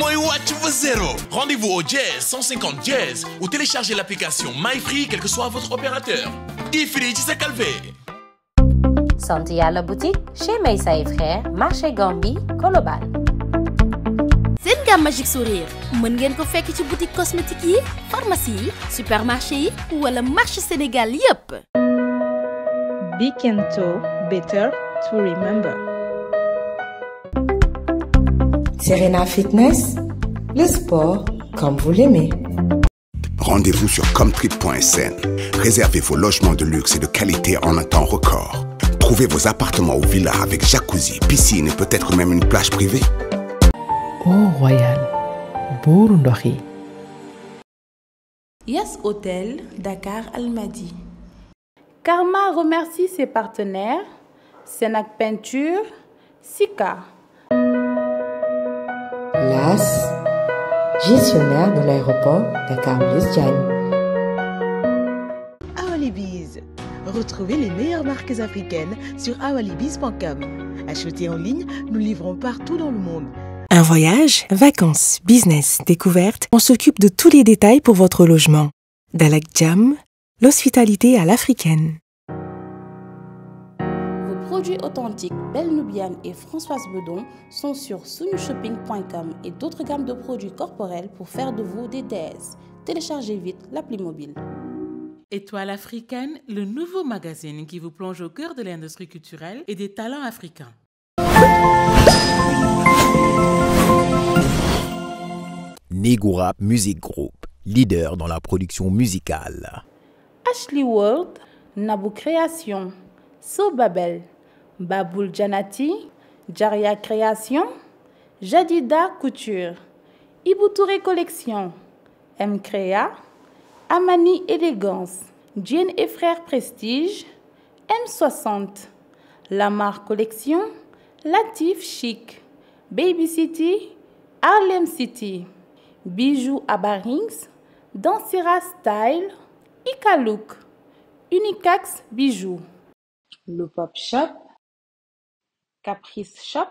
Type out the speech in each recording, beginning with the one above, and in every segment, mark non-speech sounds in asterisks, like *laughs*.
Moi watch vos zéro rendez-vous au jazz, 150 jazz, ou téléchargez l'application MyFree quel que soit votre opérateur di free Calvé. Santé à la boutique chez Meissa et Frères marché Gambi, Koloban. seen magique sourire mën ngeen ko fekk boutique cosmétique pharmacie supermarché yi le marché Sénégal Be better to remember Serena Fitness, le sport comme vous l'aimez. Rendez-vous sur comtrip.sn. Réservez vos logements de luxe et de qualité en un temps record. Trouvez vos appartements ou villas avec jacuzzi, piscine et peut-être même une plage privée. Oh Royal, Yes Hotel, Dakar Almadi. Karma remercie ses partenaires, Senac Peinture, Sika gestionnaire de l'aéroport Dakar-Biesjan. Awalibiz. Retrouvez les meilleures marques africaines sur awalibiz.com. Achetez en ligne, nous livrons partout dans le monde. Un voyage, vacances, business, découverte, on s'occupe de tous les détails pour votre logement. Dalak Jam, l'hospitalité à l'africaine produits authentiques Belle Nubian et Françoise Bedon sont sur sunushopping.com et d'autres gammes de produits corporels pour faire de vous des thèses. Téléchargez vite l'appli mobile. Étoile africaine, le nouveau magazine qui vous plonge au cœur de l'industrie culturelle et des talents africains. Negura Music Group, leader dans la production musicale. Ashley World, Nabu Création, Babel. Baboul Janati, Jaria Création, Jadida Couture, Iboutouré Collection, M Créa, Amani Élégance, Jean et Frères Prestige, M60, Lamar Collection, Latif Chic, Baby City, Harlem City, Bijoux à Barings, Dansera Style, Ika Look, Unicax Bijoux. Le Pop Shop Caprice Shop,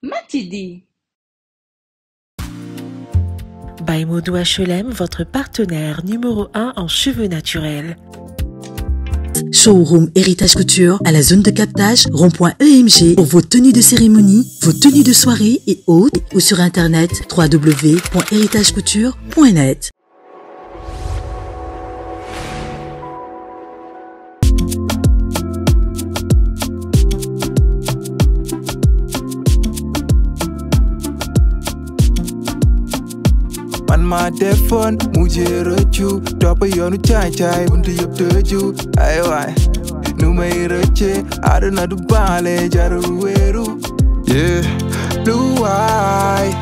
Matidi. By Modou HLM, e votre partenaire numéro 1 en cheveux naturels. Showroom Héritage Couture à la zone de captage rond.emg pour vos tenues de cérémonie, vos tenues de soirée et autres ou sur internet www.heritagecouture.net. ma defoon mujjee rëccu topp yonu caay caay buntu yëpp tëju ay waay nu may rëccee àdduna du baale jaru weeru yeah blue eye,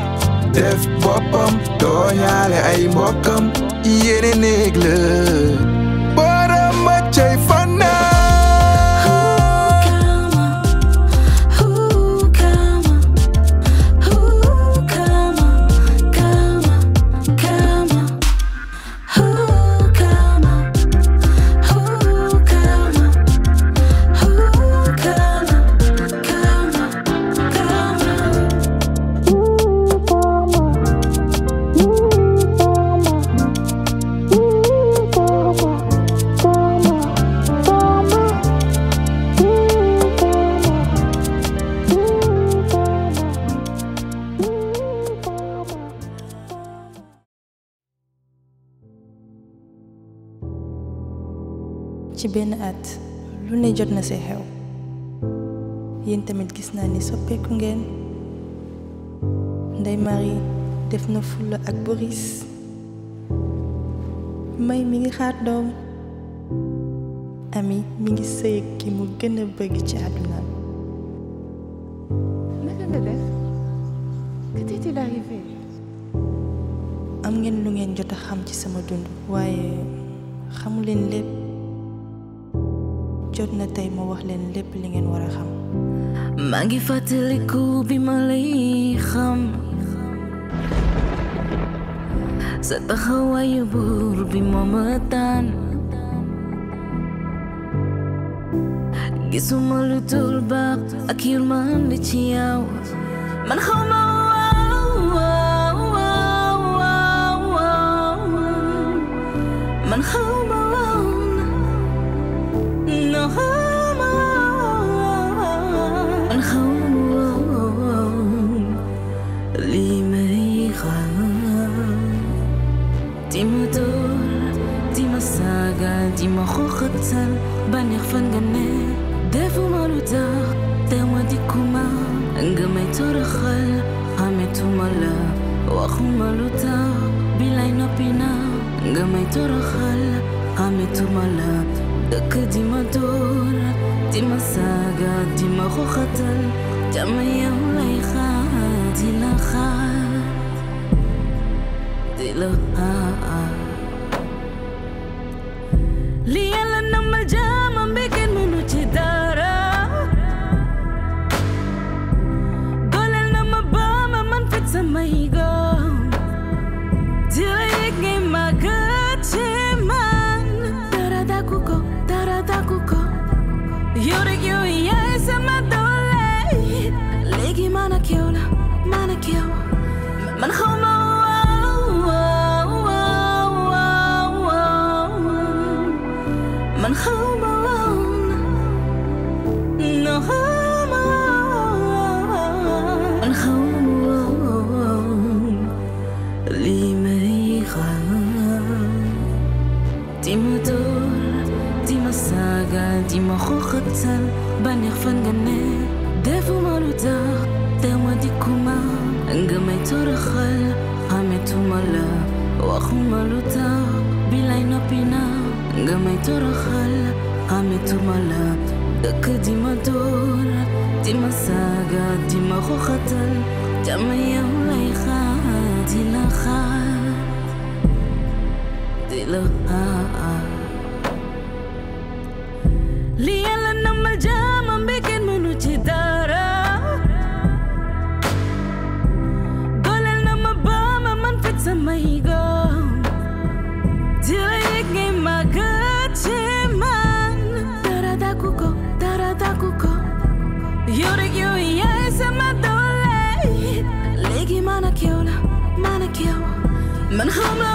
def boppam tooñaale ay mbokkam yéene néeg la ma cay fanaan at lu ne jot na see xew yéen tamit gis naa ni soppeeku ngeen Ndeye Marie def na fulla ak Boris May mi ngi xaar doom Ami mi ngi sëy ki mu gën a bëgg ci àdduna am ngeen lu ngeen jot a xam ci sama dund waaye xamuleen lépp jotna tay ma len lepp li ngeen wara fateliku bi ma lay xam bi ma ma tan gisuma lu tul ba man ci yaw torajal Ame tumala Wahumaluta Bilay na pina Gamay torajal Ame tumala Dakadima dor Dima saga Dima khukhatan Jamaya hulayha Dilakha Dilakha hotel ba neex fa nga ne defuma lu tax dama dikkuma nga may toroxal xametuma la waxuma lu tax bilay noppi naa nga may toroxal xametuma la dëkk di ma door di ma saaga di ma xoxatal jàmm yow lay xaar di la xaar di la xaar come on.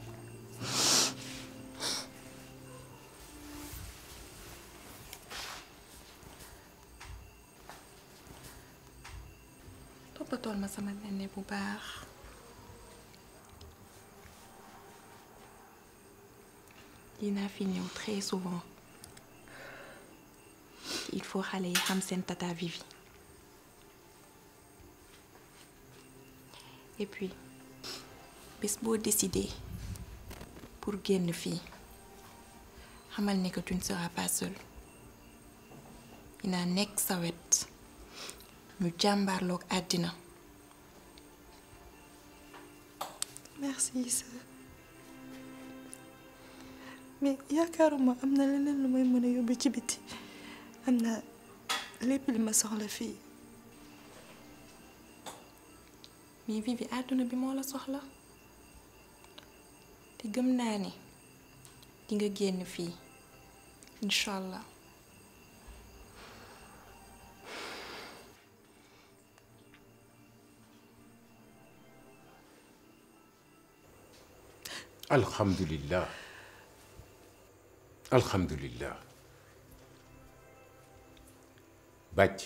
baax dina fi ñëw très souvent il faut aller xam sen tata Vivi et puis bés boo décidé pour génn fi xamal ne que tu ne seras pas seul dinaa nekk sawet wet jambar lok adina. Merci, sœur. mais yaakaaruma ma am na leneen lu may mën a yóbbu ci biti am na lépp li ma soxla fii. mais Vivi àdduna bi moo la soxla te gëm naa ni di nga génn fii incha allah. الحمد لله الحمد لله bàcc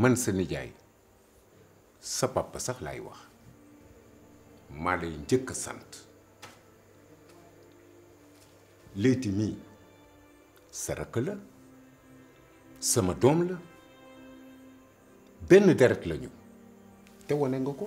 man sa nijaay sa papa sax laay wax maa lay njëkk a sant léyti mii sa rakk la sama doom la benn deret lañu te wane nga ko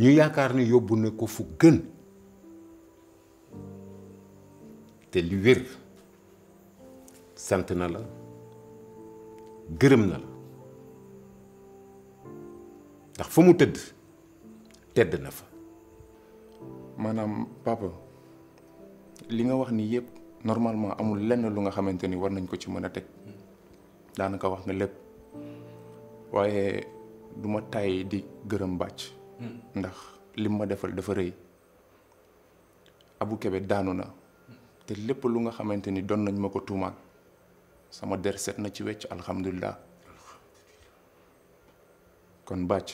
ñu yaakaar ne yóbbu ne ko fu gën te li wér sant na la gërëm na la ndax fa mu tëdd tedd na fa maanaam papa li nga wax ni yépp normalement amul lenn lu nga xamante ni war nañ ko ci mën a teg daanaka wax nga lépp waaye du ma di gërëm bàcc ndax lim ma defal dafa rëy abu Kébé daanu na te lépp lu nga xamante ni doon nañ ma ko tuumaal sama der set na ci wecc alhamdulilah kon bàcc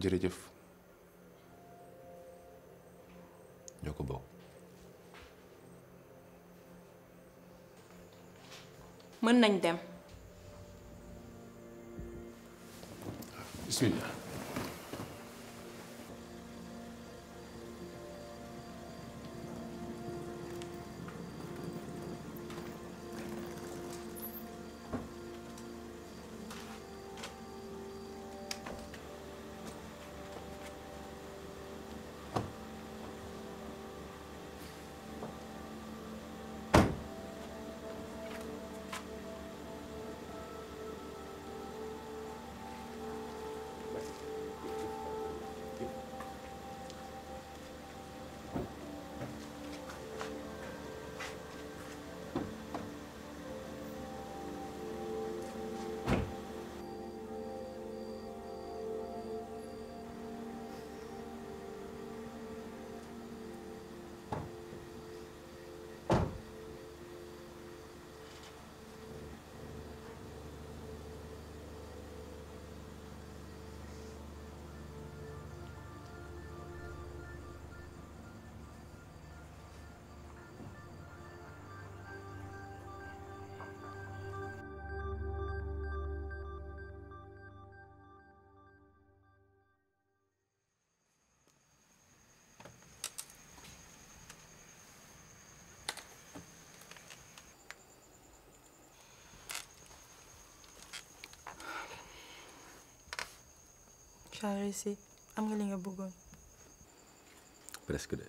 jërëjëf ñoo ko bokk mën nañ dem Bismillah. tu as réussi am nga li nga bëggoon. presque de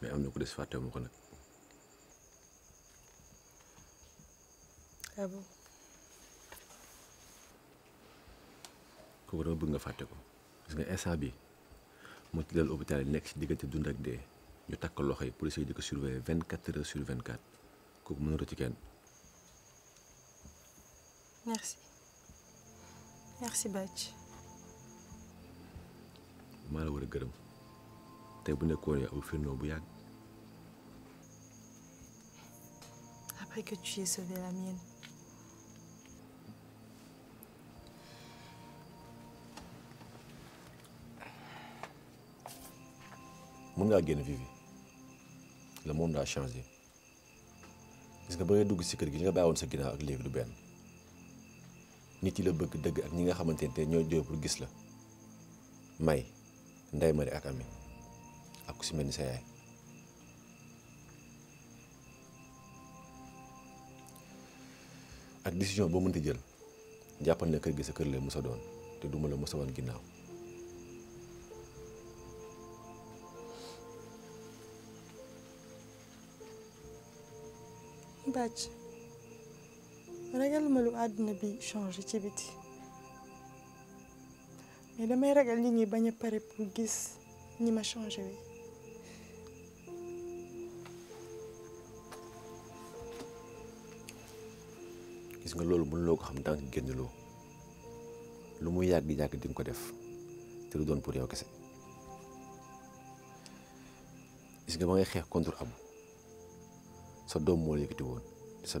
mais am na ku des fàttewu ma ko nag. ah bon. kooku dama bëgg nga fàtte ko parce que instant bi moo ci dal hôpital yi nekk ci diggante dund ak dee ñu takk loxo yi di ko surveiller vingt sur vingt quatre kooku mënuloo merci merci Bathie. maa la war a gërëm tey bu nekkoon yow aw firnoo bu yàgg. après que tu aies sauvé la mienne. mën ngaa génn Vivi le monde a changé gis nga ba ngay dugg ci kër gi nga bàyyi sa ginnaaw ak léegi du ben. nit yi la bëgg dëgg ak ñi nga xamanté ne ñoo jóge pour gis la may Ndeye Marie ak Ami ak ku si mel ni sa yaay ak décision boo mënti jël jàppal ne kër gi sa kër la mës doon te duma la mës a wan ginnaaw bàcc ragaluma lu àdduna bi changé ci biti mais damay ñi les a pour gis ñi ma changé Je gis nga loolu mënuloo ko xam tànk génn lu mu yàgg-yàgg di le ko def lu pour yow kese gis nga ba contre Abou sa fille, moo la yëkkati woon sa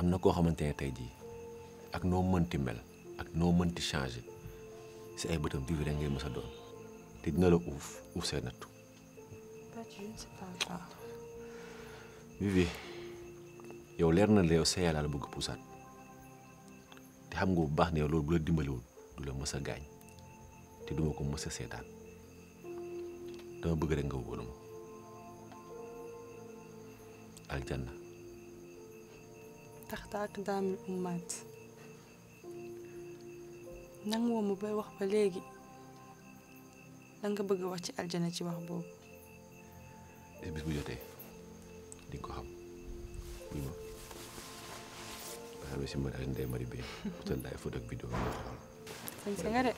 amna ko xamantene tay ne tey jii ak noo mënti mel ak noo mënti changer ci ay bëtam vivre rek ngay mësa do doon te dina la uuf uuf say nattu. Vivi yow lér na léw sé yalla la bëgg poussat te xam nga bu baax né yow bu la dimbali dimbaliwul du la mësa gañ gaañ te duma ko mësa sétan seetaan dama bëgg rek nga wóolu aljanna تحت أقدام الأمات nangwo mu bay wax ba léegi la nga bëgg wax ci aljana ci wax boobu et bis bu jotee di ko xam buy ma ba amee si mari ak ndey mari bi utal laay photo ak vidéo nga xool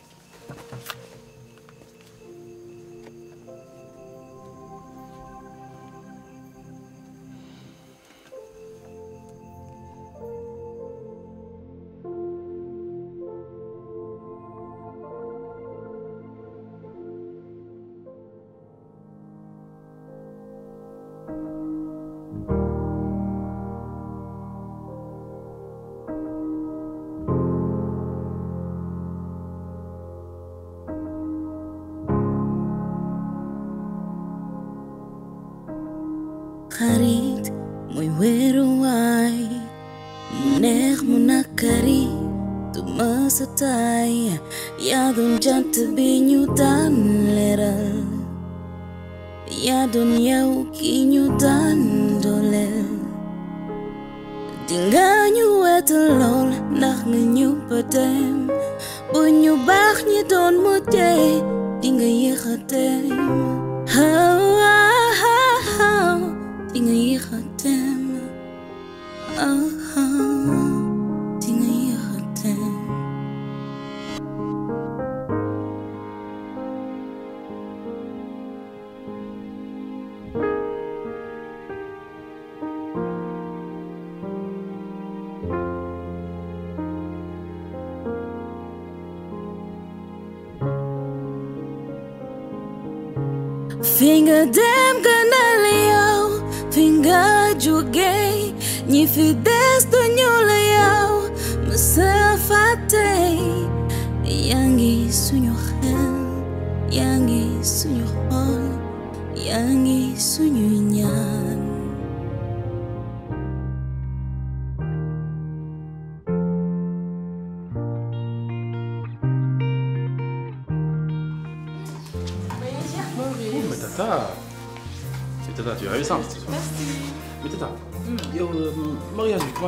Finger dem kanaleo, finger juge, ni fides do nyuleo, masafate, yangi sunyo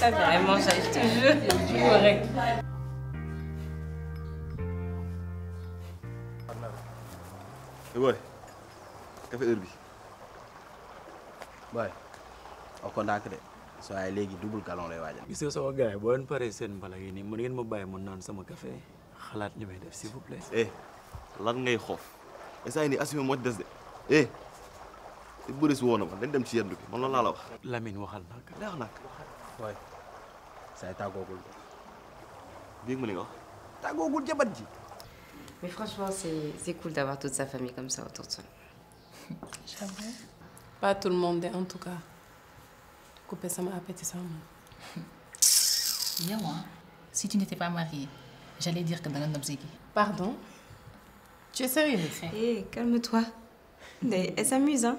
Ça vraiment ça, je te jure. J'aurais. Eh ouais. Café Ouais. contact So double gallon lay wajal. Gis nga sama gaay bo sen mbala ni sama café. Xalaat li may def s'il vous plaît. Eh, lan ngay xof? Essay ni assumé mo de. Eh. Boris wona man dañ dem ci yendu bi. Man la nak. Lex nak. Ouais. C'est tàggoogul dégg ma li nga wax mais franchement c'est c'est cool d'avoir toute sa famille comme ça autour de soi *laughs* j'avoue pas tout le monde hein, en tout cas couper ça m'a appété ça moi *laughs* moi si tu n'étais pas mariée j'allais dire que dans un pardon tu es sérieux hey, eh, calme-toi elle s'amuse hein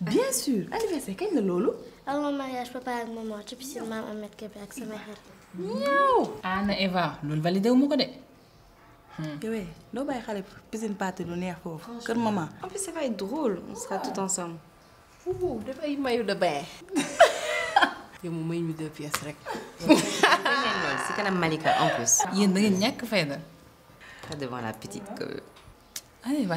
bien sûr anniversaire kañ mon mariage papa et maman Tu Ahmed avec mère..! Anna Eva loolu validé wu ma Hmm. de. yowee doo bàyyi xale piscine party nous neex maman. en plus ça va être drôle on sera ah. tout ensemble. ouh y maillot de bain. me *laughs* mets deux pièces C'est quand même Malika en plus. a ah. da ah. de pas devant la petite que. Anna Eva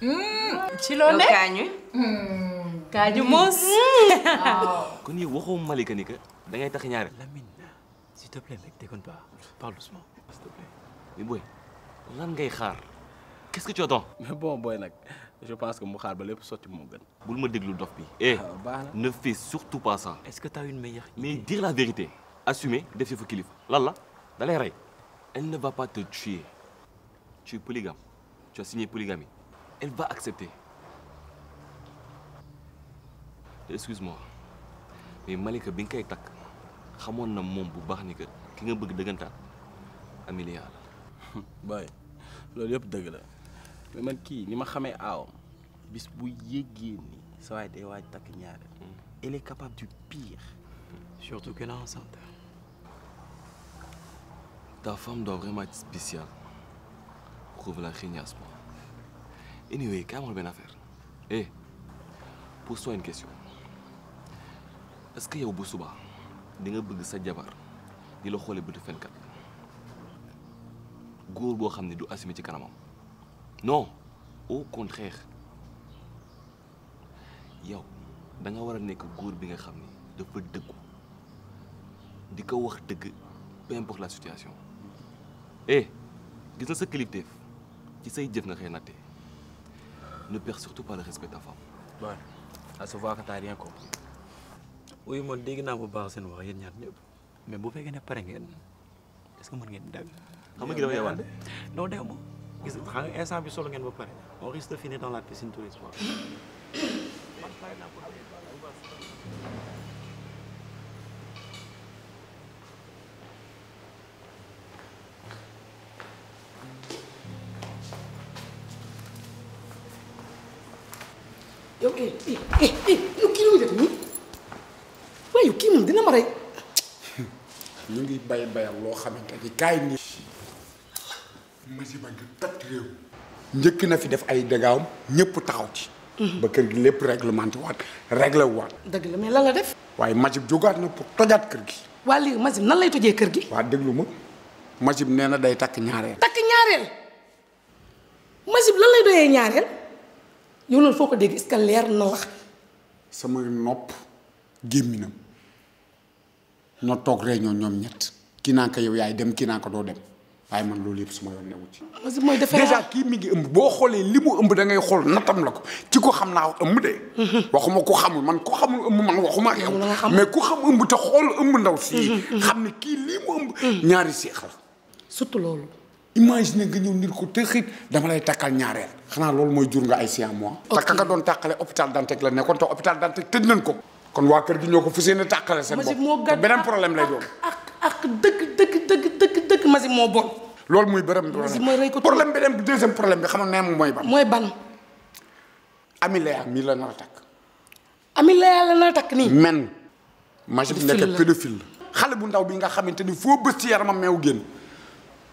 Mmm, ci loo ne kaañu mmm, kaañu moos *laughs* kon Malika ni da ngay tax s'il te plaît mec déconne pas parle doucement s'il te plaît mais boy lan ngay xaar qu'est-ce que tu attends mais bon boy nak je pense que mu xaar ba lepp soti mo gën bul ma dof bi ah, eh ne fais surtout pas ça est-ce que tu as une meilleure idée mais dire la vérité assumer def fa kilif lan la dalay ray elle ne va pas te tuer tu es polygame tu as signé polygamie elle va accepter. Excuse-moi, mais Malika bi nga koy takk na un bu ni que ki nga bëgg un *laughs* mais man ni tu es hmm. elle est capable du pire. Hmm. Surtout qu'elle est enceinte. Ta femme doit vraiment être spéciale. Prouve la régnasse, anyway yi ma xool benn affaire pour eh, pose question est que yow bu suba di nga bëgg sa jabar di la xoole bëtu fenkat góor boo xam ne du assumer ci kanamam non au contraire yow danga war a nekk góor bi nga xam ni dafa dëggu di ko wax dëgg peu importe la situation eh gis na sa kilifteef ci say jëf nga xëy nattee ne perds surtout pas le respect de ta femme. Bon, à savoir que tu n'as rien compris. Oui, mon dégg naa bu baax seen Mais yéen mais si tu ne pare est-ce que tu ngeen Comment xam nga dama non dew ma gis Ne xam pas, instant ne pas. on risque de finir dans la piscine tous les soirs. yow yow kii la dina ma rey. ñu ngi bay bayal loo xamante ni kaay nii. monsieur Badji toj réew. njëkk na fi def ay dégâts ñëpp taxaw ci. ba kër gi lépp réglementé waat réglé waat. dëgg la mais lan def. waaye Majib jógaat na pour tojaat kër gi. waa léegi Majib nan lay tojee kër gi. waa déglu ma Majib nee na day takk ñaareel. takk ñaareel Majib lan doyee ñaareel. yow loolu foo ko dégg est-ce leer na wax sama nopp gémminam na toog réunion ñoom ñett kii naa ko yow yaay dem kii naa ko doo dem waaye man loolu yëpp suma yoon newu ci déjà kii mi ngi ëmb boo xoolee li mu ëmb da ngay xool natam la ko ki ko xam naa ëmb de mhm. waxuma ko xamul man ko xamul ëmb man waxuma yow mais ku xam ëmb te xool ëmb ndaw si mhm. xam ne kii lii mu ëmb mhm. ñaari seex la surtout loolu imagine nga ñëw nit ko tëxit dama lay takal ñaarel xana lool moy jur nga ay sian mois tak ka doon tàkkale hôpital danteg la nekkon to hôpital danteg tëj nañ ko kon wa kër gi ñoko ko fusee ne tàkkale seen bopp problème lay doon ak ak deug deug deug deug dëgg masi mo bon lool muy bërëm problème benen deuxième problème bi xam na mo moy ban moy ban amilea mi la na a amilea la na a ni men majib nekk pédophile xalé bu ndaw bi nga xamanteni fo foo bës ci yaramam meew génn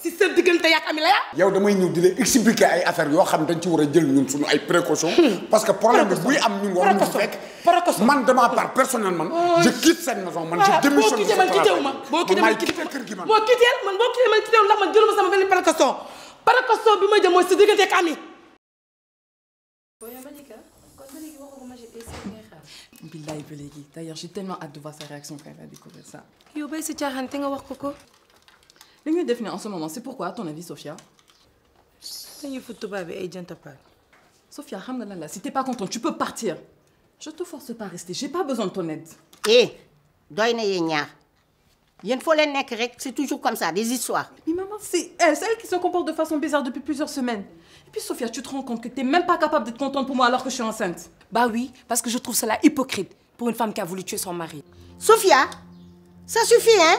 si sa diggante yaa ak Amila yow damay ñëw di ay affaire yo xam dañ ci war a jël ñun suñu ay précautions. Hmm. parce que problème bi buy am ñun war man dama part personnellement. Oh, je quitte cette maison man je ah, démissionne. waaw boo man boo quittee man quittee man boo man boo quittee man quittee ndax man jëluma sama bi ma jëm mooy sa diggante ak Ami. billaay ba léegi d'ailleurs j'ai tellement hâte de réaction quand elle va découvrir ça. yow bay si caaxaan te mieux mieux définit en ce moment c'est pourquoi à ton avis Sofia..? dañuy si t'es pas content tu peux partir. je te force pas à rester j'ai pas besoin de ton aide. eh doine c'est toujours comme ça des histoires. mais maman c'est elle elle qui se comporte de façon bizarre depuis plusieurs semaines. Et puis Sophia, tu te rends compte que tu n'es même pas capable d'être contente pour moi alors que je suis enceinte. Bah oui, parce que je trouve cela hypocrite pour une femme qui a voulu tuer son mari. Sophia, ça suffit, hein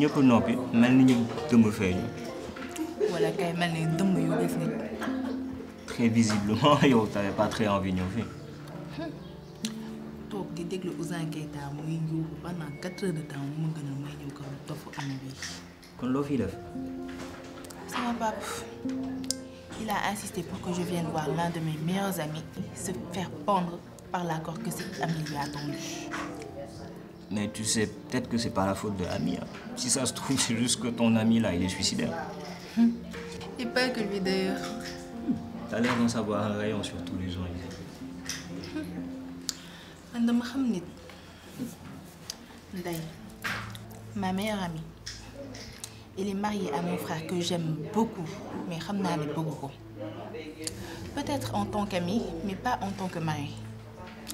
ñëpp nopi mel ni ñu dëmb feeñu. wala kay mel ni dëmb yu def nit. très visiblement *laughs* yow t'avais pas très envie ñëw fii. toog di déglu Ouzin Keita muy ñëw pendant 4 heures de temps mu gën a may ñëw am bi. kon loo fiy def. sama papa il a insisté pour que je vienne voir l'un de mes meilleurs amis se faire pendre par l'accord que cette amie lui a donné. Mais tu sais, peut-être que c'est pas la faute de Amir. Hein. Si ça se trouve, *laughs* c'est juste que ton ami là, il est suicidaire. Hmm. Et pas que lui d'ailleurs. T'as l'air d'en savoir un rayon sur tous les gens hmm. D'ailleurs, ma meilleure amie. Elle est mariée à mon frère que j'aime beaucoup, mais est beaucoup. Peut-être en tant qu'ami, mais pas en tant que mari.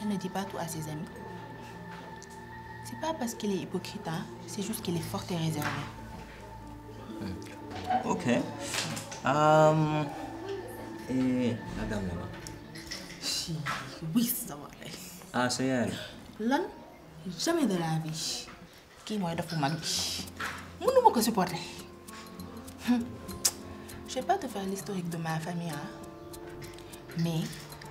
elle ne dit pas tout à ses amis c'est pas parce qu'elle est hypocrite hein. c'est juste qu'elle est forte et réservée. Euh, ok hum, et la dame oui ça va. ah c'est elle? L'homme, jamais de la vie Qui m'a dafa ma vie? mënuma ko supporter. Hum. Je vais pas te faire l'historique de ma famille, hein? mais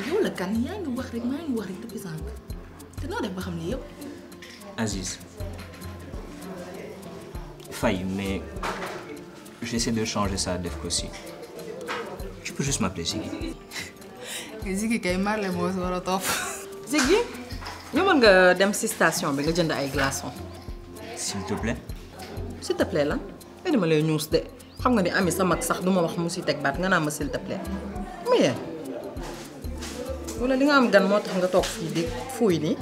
yow la kan yaa ngi wax rek maa ngi wax rek depuis sànq te noo def ba xam ne yow. Aziz faille mais j'essaie de changer ça def ko si tu peux juste m'appeler Ziggy. *laughs* Ziggy kay Marley moo si war a topp. *laughs* Ziggy ñëwal nga dem si station bi nga jënd ay glaçons. s'il te plaît. s'il te plaît lan ay dama lay ñuus de xam nga ni ami sa mag sax du ma wax mu si teg baat nga naa ma s'il te plaît mais wala li nga am gan moo tax nga toog fii di fuuy nii.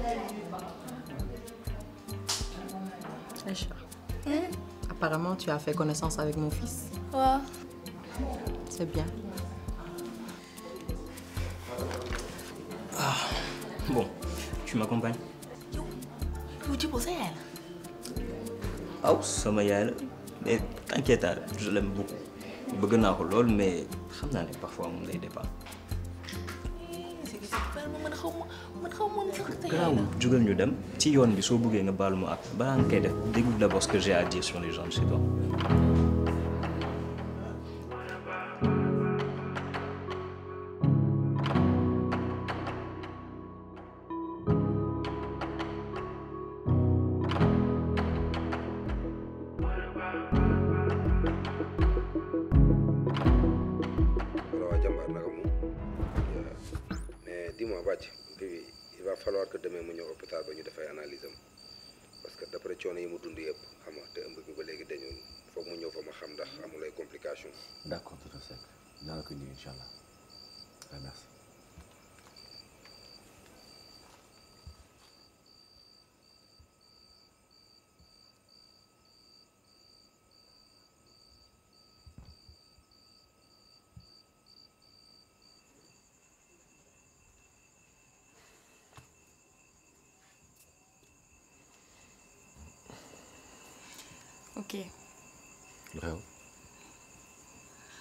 Aïcha. Hmm? Apparemment, tu as fait connaissance avec mon fils. Ouais. C'est bien. Ah, bon, tu m'accompagnes Où tu pour elle Ah, ça m'a Mais t'inquiète, hein, je l'aime beaucoup. Je l'aime beaucoup, mais je sais parfois, on ne l'aide pas. na jugal ñu dem ci yoon bi soo buggee nga baal mu ak balaa nga koy def déglu d'abord ce que j'ai à dire sur les gens de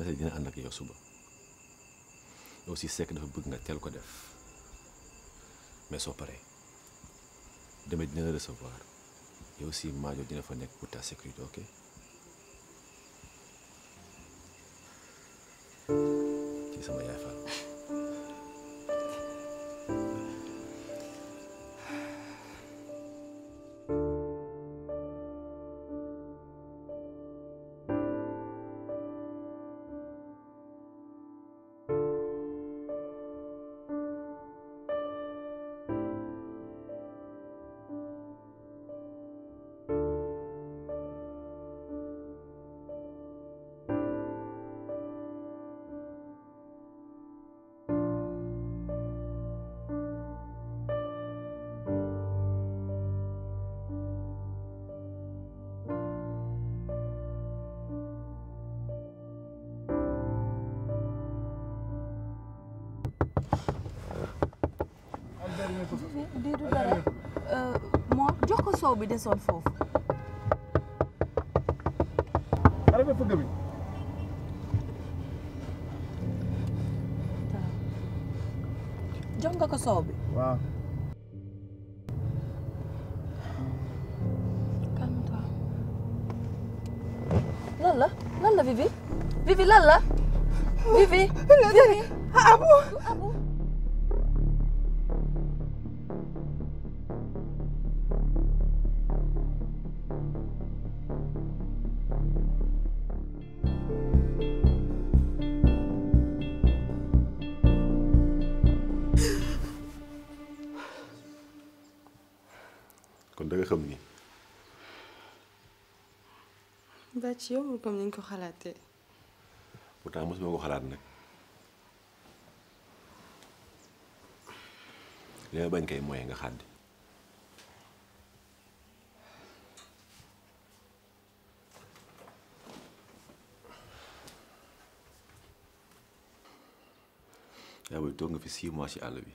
tase dina ànd ak yow suba aussi Seck dafa bëgg nga teel ko def mais soo paree demee dina la yow aussi Maajo dina fa nekk pour ta sécurité ok. ci sama yaay Fall. di du dara ko soow bi desoon foofu arrêté fëgg bi jox nga ko soow bi waaw calme-toi lan Vivi Vivi lan la Vivi Vivi ah ci yow comme ko xalaatee. pourtant mosuma ko xalaat nag li ma bañ kay mooy nga nga fi six mois ci àll bi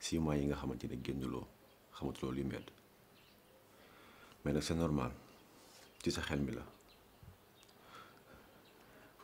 six mois yi nga mais normal ci sa xel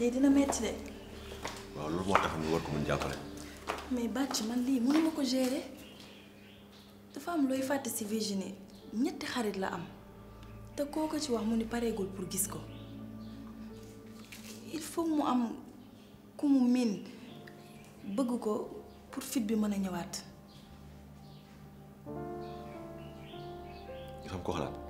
lii dina metti de. waaw loolu moo tax ñu war ko mën jàppale. mais bàcc man lii mënu ma gérer dafa am looy fàtte si Virginie ñetti xarit la am te koo ko ci wax mu ni pareegul pour gis ko il faut mu am ku mu miin bëgg ko pour fit bi mën ñëwaat. xam ko xalaat.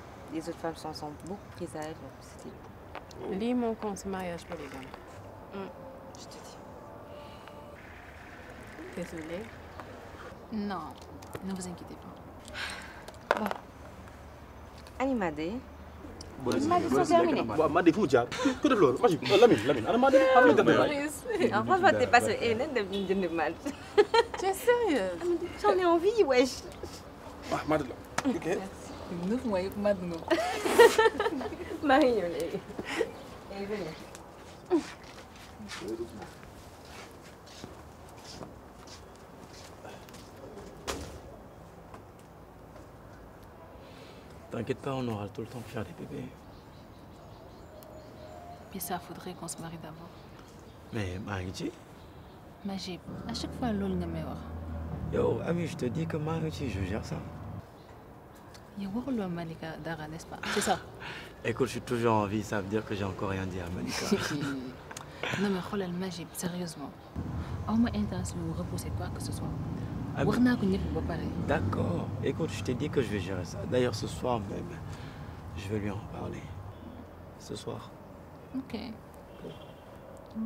les autres femmes s'en sont beaucoup prises à elle, C'était... mon compte mariage hum, Je te dis. Désolée. Non, ne vous inquiétez pas. Bon. ma ah, ah, tu es sérieuse ah, j'en ai envie wesh 눈 *laughs* marie T'inquiète pas, on aura tout le temps pour faire des bébés. Mais ça, faudrait qu'on se marie d'abord. Mais Marie-Ji Magie, à chaque fois, l'eau ne me Yo, ami, je te dis que Marie-Ji, je gère ça. Malika Dara, n'est-ce pas C'est ça *laughs* Écoute, je suis toujours en vie, ça veut dire que j'ai encore rien dit à Malika. *laughs* non mais regarde Majib, sérieusement. Au moins intention de repousser quoi que ce soit. Ah pareil. D'accord. Écoute, je t'ai dit que je vais gérer ça. D'ailleurs, ce soir même, je vais lui en parler. Ce soir. Ok. Je vais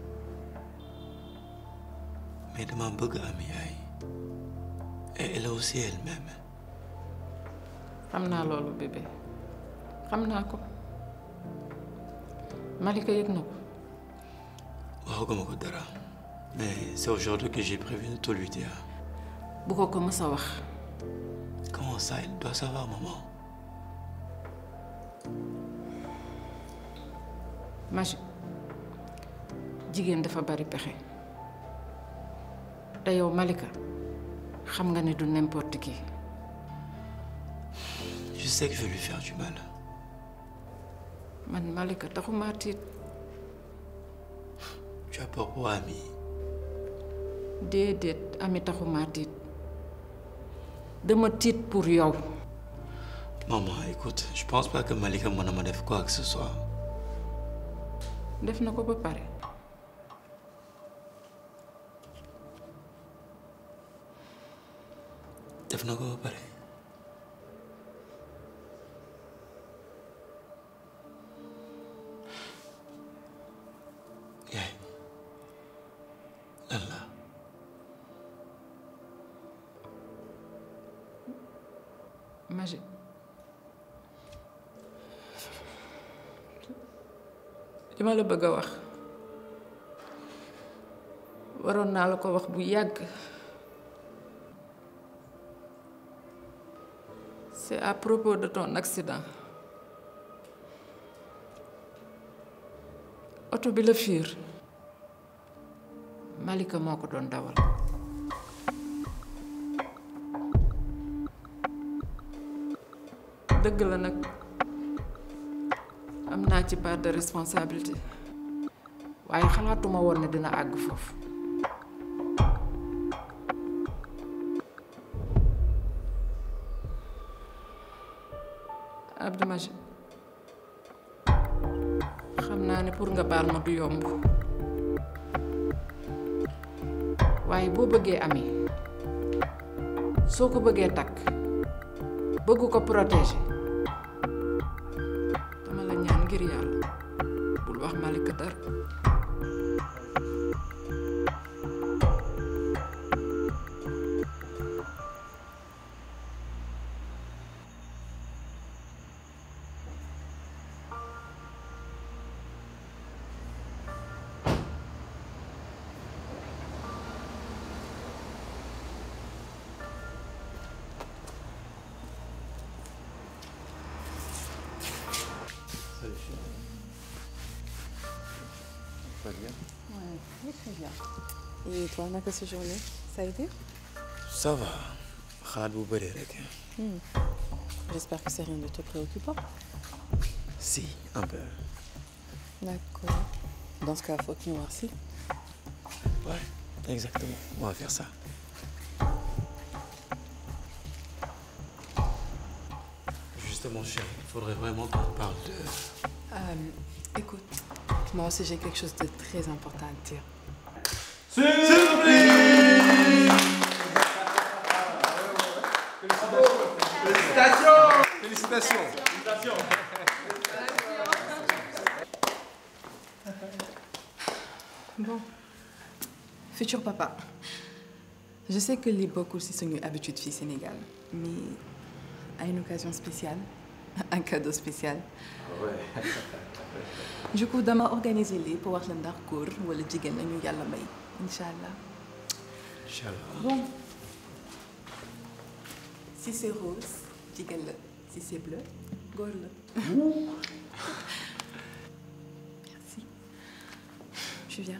mais demain, bëgg am et elle aussi elle-même. xam naa bébé xam ko Malika Je na ko. mo ko dara mais c'est aujourd'hui que j'ai prévu de tout lui dire. bu ko savoir. comment ça il doit savoir maman. Magie jigéen dafa bari pexe. D'ailleurs Malika xam nga ne du n'importe qui. je sais que je vais lui faire du mal. man Malika de tiit. tu as peur pour Ami. déedéet Ami taxumaa De dama titre pour yow. maman écoute je pense pas que Malika m'en na fait quoi que ce soit. def ne peux ba parler. ضيف نگاه بره يعني الله ماجد li ma la bëgg a wax waroon naa la ko wax bu yàgg à propos de ton accident oto bi la fiir Malika moo ko doon dawal dëgg la nag am naa ci part de responsabilité waaye xalaatuma woon ne dina àgg foofu Abdou Majid xam naa ne pour nga baal ma du yomb waaye boo bëggee ami soo ko bëggee takk bëgg ko protéger dama la ñaan ngir yàlla bul wax Malika dara toi que passé journée ça a été. ça va je hmm. j'espère que c'est rien de te préoccupant. si un peu. d'accord dans ce cas faut que nous si. ouais exactement on va faire ça. justement cher, il faudrait vraiment qu'on parle de. Euh, écoute moi aussi j'ai quelque chose de très important à te dire. futur papa. Je sais que les beaucoup aussi sont une habitude fille Sénégal, mais à une occasion spéciale, *laughs* un cadeau spécial. Ouais. du coup, demain, organiser les pour voir le court ou le jigen la ñu yalla may. Inshallah. Inshallah. Bon. Si c'est rose, jigen le. Si c'est bleu, gor *laughs* Merci. Je viens.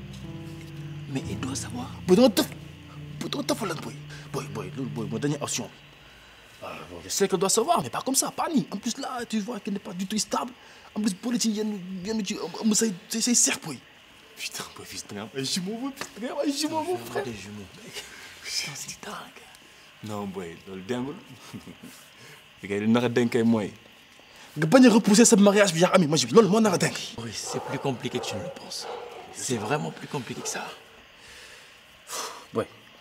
mais il doit savoir putain t'as, tëf booy dama tëfalan boy, boy boy, loolu dernière option euh, je sais que doit savoir mais pas comme ça pas ni, en plus là tu vois qu'elle n'est pas du tout stable en plus pour les yenn yenn ci am say essaye seex boy, putain boy, fils da nga am ay jumeaux booy fils da jumeaux frère des jumeaux c'est dingue non booy loolu dengul *laughs* il n'a naka denkay moi. nga pas a repousser ce mariage bi yaa ami je, ji loolu mon n'a dingue, oui c'est plus compliqué que tu ne le penses c'est vraiment plus compliqué que ça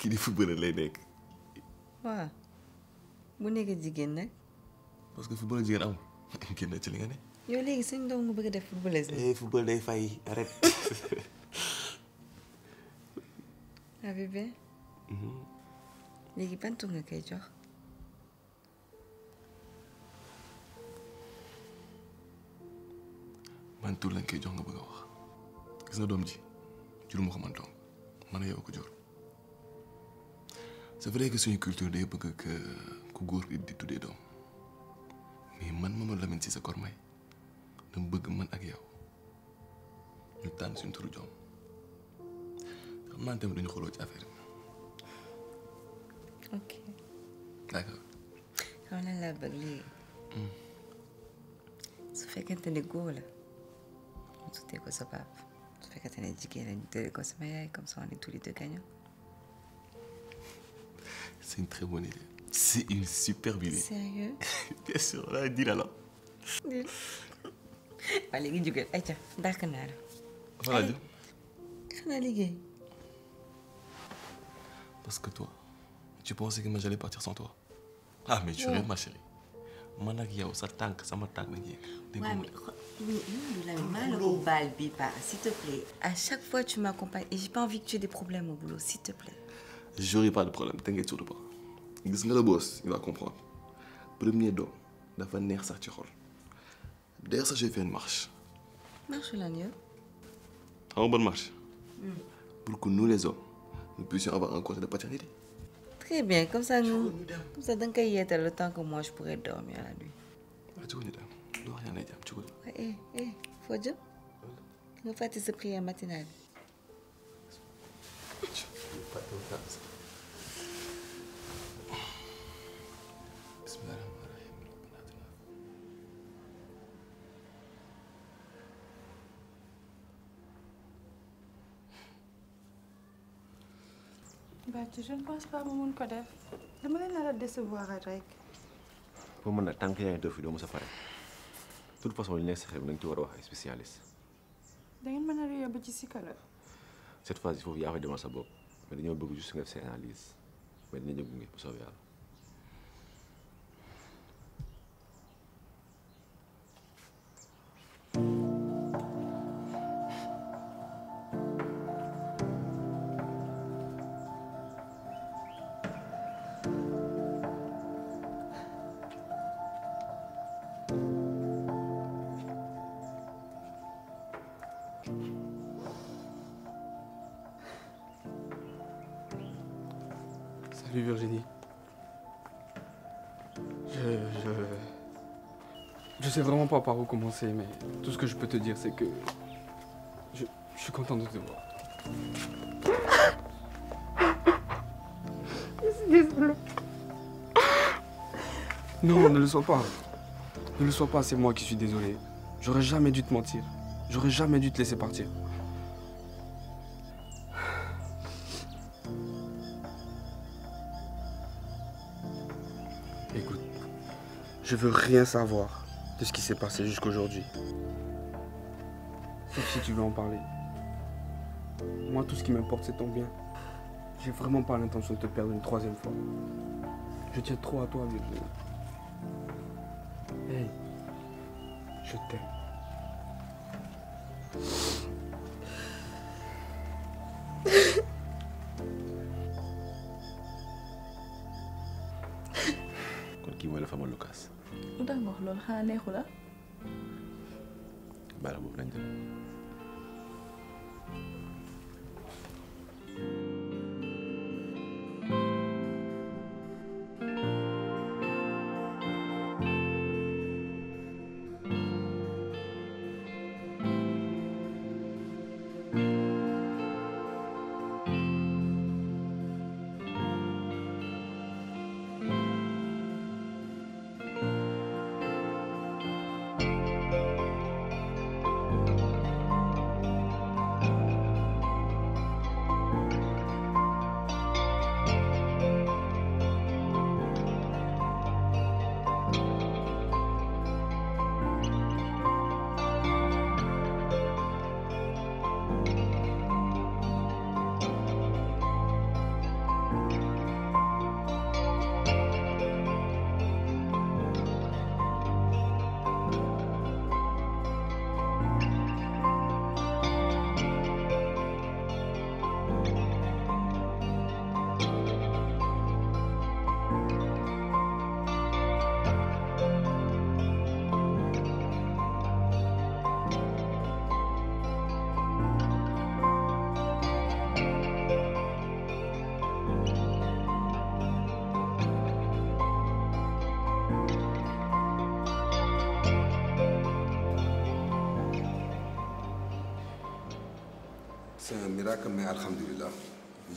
kii di footballeur lay nekk. waaw bu nekkee jigéen nag. parce que footballeur jigéen amul. *laughs* génn ci nga ne. yow léegi suñ doom nga bëgg a def footballeuse la. Eh, football day fay arrête. ah *laughs* bébé. Mhm. léegi ban tur nga koy jox. man tur lañ koy jox nga bëgg a wax. gis nga doom ji jur ma ko man doom man a c'est vrai que c'est une culture day que que ku dit gi di tuddee doom mais man ma ma Lamine Cissé Kormaye dama bëgg man ak yow ñu tànn suñu turu doom xam naa tamit dañu xuloo ci affaire ok. d'accord. xaw na laa bëgg léegi. Hmm. su fekkente ne góor la ñu tuddee ko sa papa su fekkente ne jigéen la ñu quoi ça mais comme ça on est tous les deux gagnants. C'est une très bonne idée. C'est une superbe idée. Sérieux Bien *laughs* sûr, là, dis-la là. Dis-la. Allez, tiens, Aïcha, d'accord. Voilà, dis. ce Parce que toi, tu pensais que moi j'allais partir sans toi. Ah, mais tu rêves, ma chérie. man ak yow sa tànk ça tànk nañu yegg. Oui mais il oui maa mal au baal s'il te plaît. à chaque fois tu m'accompagnes et j'ai pas envie que tu aies des problèmes au boulot s'il te plaît. Je j'aurai pas de problème t'inquiète surtout pas gis nga boss il va comprendre premier doom il va sax ci xol d'ailleurs je j'ai fait une marche. marche la nuit Ah, une bonne marche. Hmm. pour que nous les hommes nous puissions avoir un côté de paternité. très bien comme ça nous comme ça donc, il le temps que moi je pourrais dormir la nuit. Ah, tu ci ko ñu dem tu wax yaa ngi lay eh eh foo jëm On fàtte pas prière matinale Badji je ne pense pas ma mun ko def dama leen nar a décevoir rek. pour moi, nag tant que yaa ngi def fi doo mos a pare de toute façon li nekk sa xel nañ ci war a wax ay spécialiste. da ngeen dia nar a cette fois mais analyse mais de pas par où commencer, mais tout ce que je peux te dire, c'est que je, suis content de te voir. Je suis désolée. Non, ne le sois pas. Ne le sois pas, c'est moi qui suis désolé. J'aurais jamais dû te mentir. J'aurais jamais dû te laisser partir. Écoute, je veux rien savoir de ce qui s'est passé jusqu'aujourd'hui. Sauf si tu veux en parler. Moi, tout ce qui m'importe, c'est ton bien. J'ai vraiment pas l'intention de te perdre une troisième fois. Je tiens trop à toi, vivre Hey, je t'aime. xanaa neexu la. Bala boobu lañ dem.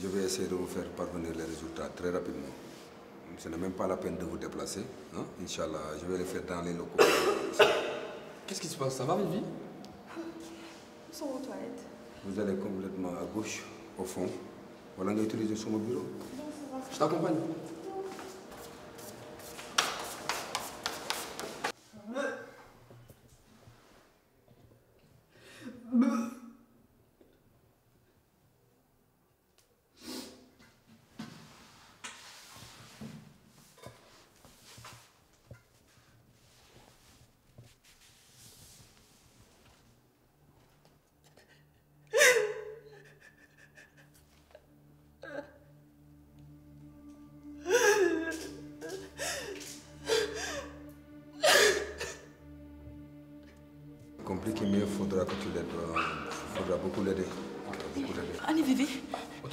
je vais essayer de vous faire parvenir les résultats très rapidement. Ce n'est même pas la peine de vous déplacer. Hein. Inch'Allah, je vais les faire dans les locaux. Qu'est-ce qui se passe Ça va, Vivi toilettes. Vous allez complètement à gauche, au fond. Voilà, on utilisé sur mon bureau. Je t'accompagne.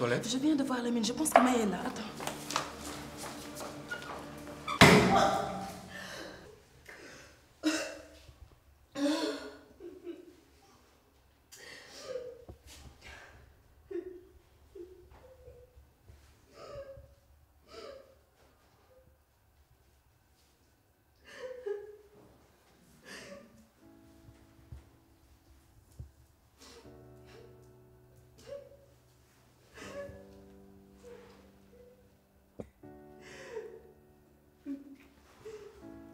Je viens de voir la mine. Je pense que Maya est là. Attends.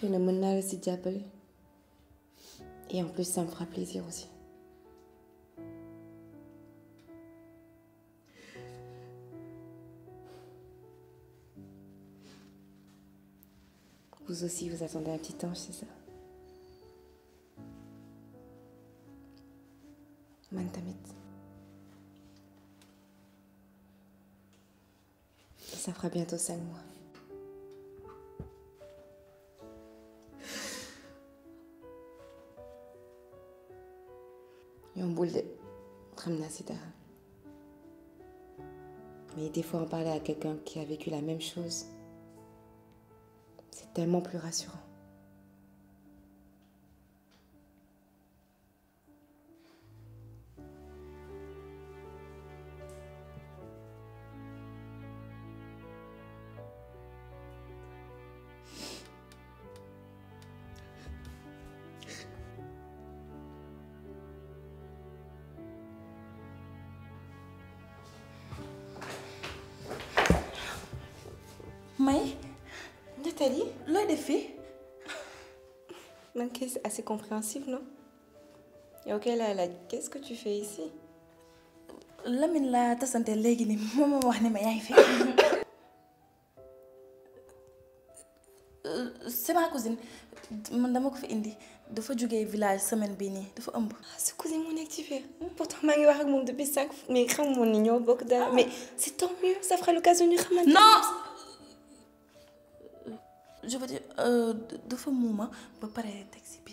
Une na et en plus ça me fera plaisir aussi Vous aussi, vous attendez un petit ange, c'est ça Mandamit. ça fera bientôt cinq mois. on ramène mais des fois en parler à quelqu'un qui a vécu la même chose c'est tellement plus rassurant compréhensif, non Et là elle qu'est-ce que tu fais ici Lamine la tasante légui ni *laughs* momo wax ni ma yayi fi. Euh, c'est ma cousine. Man dama ko fi indi. Dafa jugé village semaine bi ni, dafa ëmb. C'est ah, cousine mo nek ci Pourtant ma ngi wax ak mom depuis 5 mais xam mon ni ñoo bok mais c'est tant mieux, ça fera l'occasion ñu xamante. Non, je veux dire euh, dafa muuma ba pare teg si bi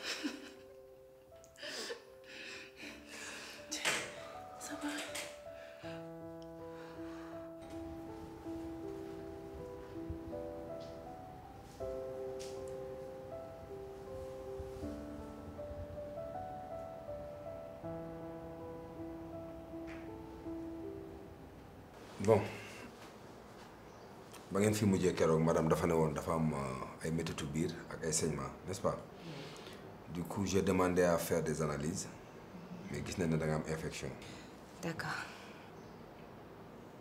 fi me keroog madame dafa ne dafa am euh, ay métitu bir ak ay n'est-ce pas du coup j'ai demandé à faire des analyses mais gis nañ da nga am infection. d'accord.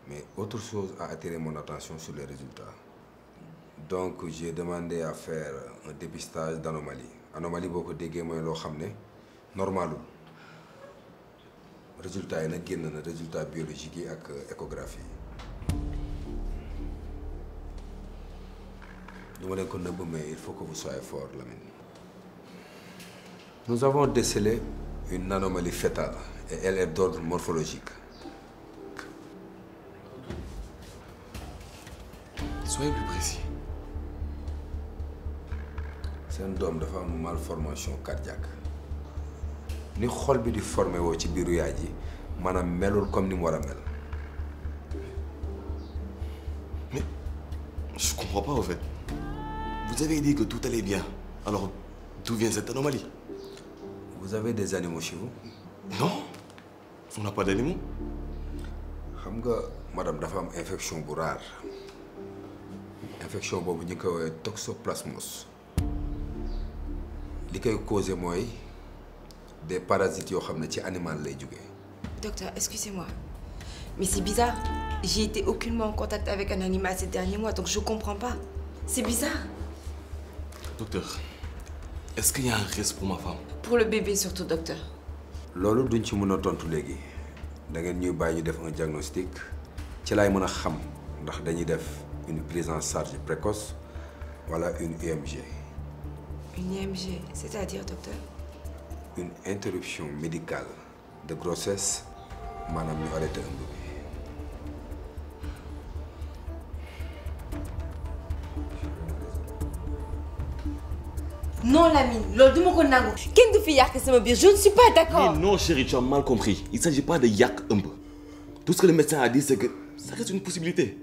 mais autre chose a attiré mon attention sur les résultats donc j'ai demandé à faire un dépistage d'anomalies. anomalie boko sont moy lo xamné xam sont des résultat yi na résultat biologique ak échographie duma leen ko mais il faut que vous soyez fort Lamine nous avons décelé une anomalie fœtale et elle est d'ordre morphologique soyez plus précis C'est un homme dafa am malformation cardiaque ni xol bi di formé ci biiru yaaji manam melul comme ni mu mel mais je comprends pas en fait vous avez dit que tout allait bien. Alors, d'où vient cette anomalie Vous avez des animaux chez vous Non, on n'a pas d'animaux. sais nga madame dafa am infection bu rare infection boobu ñu ko woowee toxoplasmose li causé des parasites qui sont dans animal docteur excusez-moi mais c'est bizarre j'ai été aucunement en contact avec un animal ces derniers mois donc je ne comprends pas c'est bizarre. Docteur, est-ce qu'il y a un risque pour ma femme Pour le bébé surtout, docteur. loolu duñ ci mën tontu léegi da ngeen un diagnostic ci est mën une prise en charge précoce voilà une EMG. une IMG e c'est-à-dire docteur. une interruption médicale de grossesse Madame ñu arrêté un bébé. Non, Lamine, l'ordu ce nango. Ken du fi c'est sama bébé..? je ne suis pas d'accord. non, chérie, tu as mal compris. Il ne s'agit pas de yak un Tout ce que le médecin a dit, c'est que ça reste une possibilité.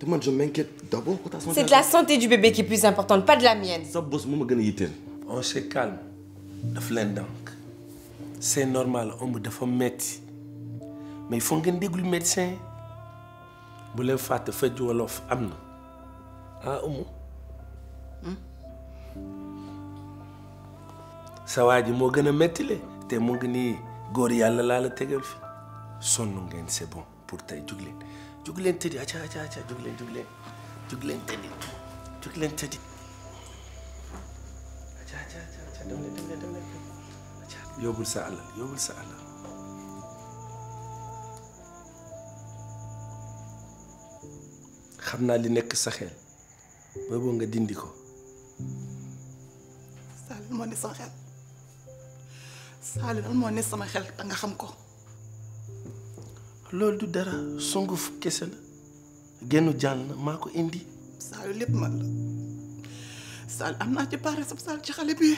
Demande, je m'inquiète d'abord pour ta santé. C'est de la santé du bébé qui est plus importante, pas de la mienne. Ça bosse, moi, je On se calme. C'est normal, on me fait mettre. Mais il faut que le médecin. Si vous voulez faire des wolof, amna. Ah, oumou. sa waa ji moo gën a mettile te mu ngi nii góor yàlla laa la tegal fi sonn ngeen c'est bon pour tey jug leen jug leen tëddi aca aca aca jug leen jug leen jug leen tëddi jug leen tëddi aca aca aca dem leen dem leen dem leen aca yóbbul sa àllal yóbbul sa àllal xam naa li nekk sa xel boobu nga dindi ko Sall moo ne sa xel Saali lan moo ne sama xel te nga xam ko. loolu du dara sunguf kese la gennu jàll na maa ko indi. Saali lépp man la Saali am naa ci pare sab Saali ci xale bi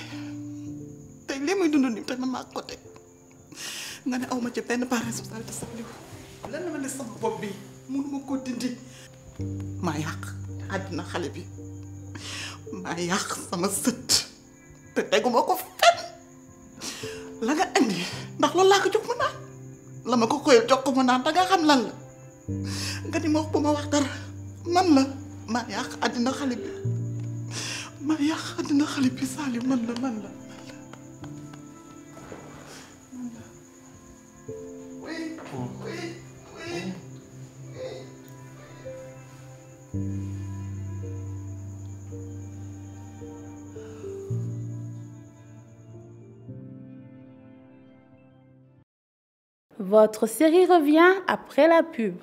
tey lii muy dund nii tey man maa ko teg nga ne aw ma ci benn pare sab Saali te ma ne sama bopp bi mënuma koo dindi maa yàq àddina xale bi maa yàq sama sët te teguma ko fenn. la nga indi ndax loolu laa ko jox mu naan la ma ko koy jox ko mu naan da nga xam lan la nga ni ma wax bu ma wax man la maa yàq àddina xale bi maa yàq àddina xale bi Salim man la man la. oui oui Votre série revient après la pub.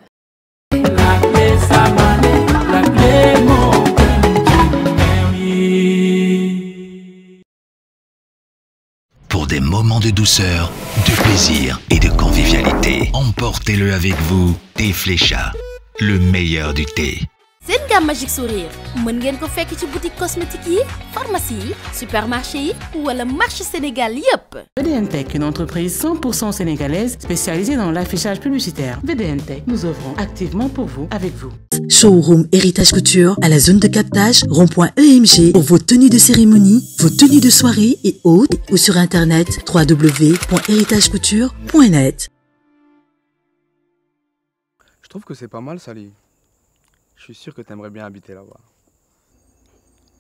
Pour des moments de douceur, de plaisir et de convivialité, emportez-le avec vous, des Fléchats, le meilleur du thé seen gamme magique sourire mën ngeen ko fekk ci boutique cosmétique pharmacie supermarché ou wala marché Sénégal yépp VDNTech une entreprise 100% sénégalaise spécialisée dans l'affichage publicitaire VDNTech nous ouvrons activement pour vous avec vous Showroom Héritage Couture à la zone de captage rond-point EMG pour vos tenues de cérémonie, vos tenues de soirée et autres ou sur internet www.heritagecouture.net. Je trouve que c'est pas mal Sally. Je suis sûr que t'aimerais bien habiter là-bas.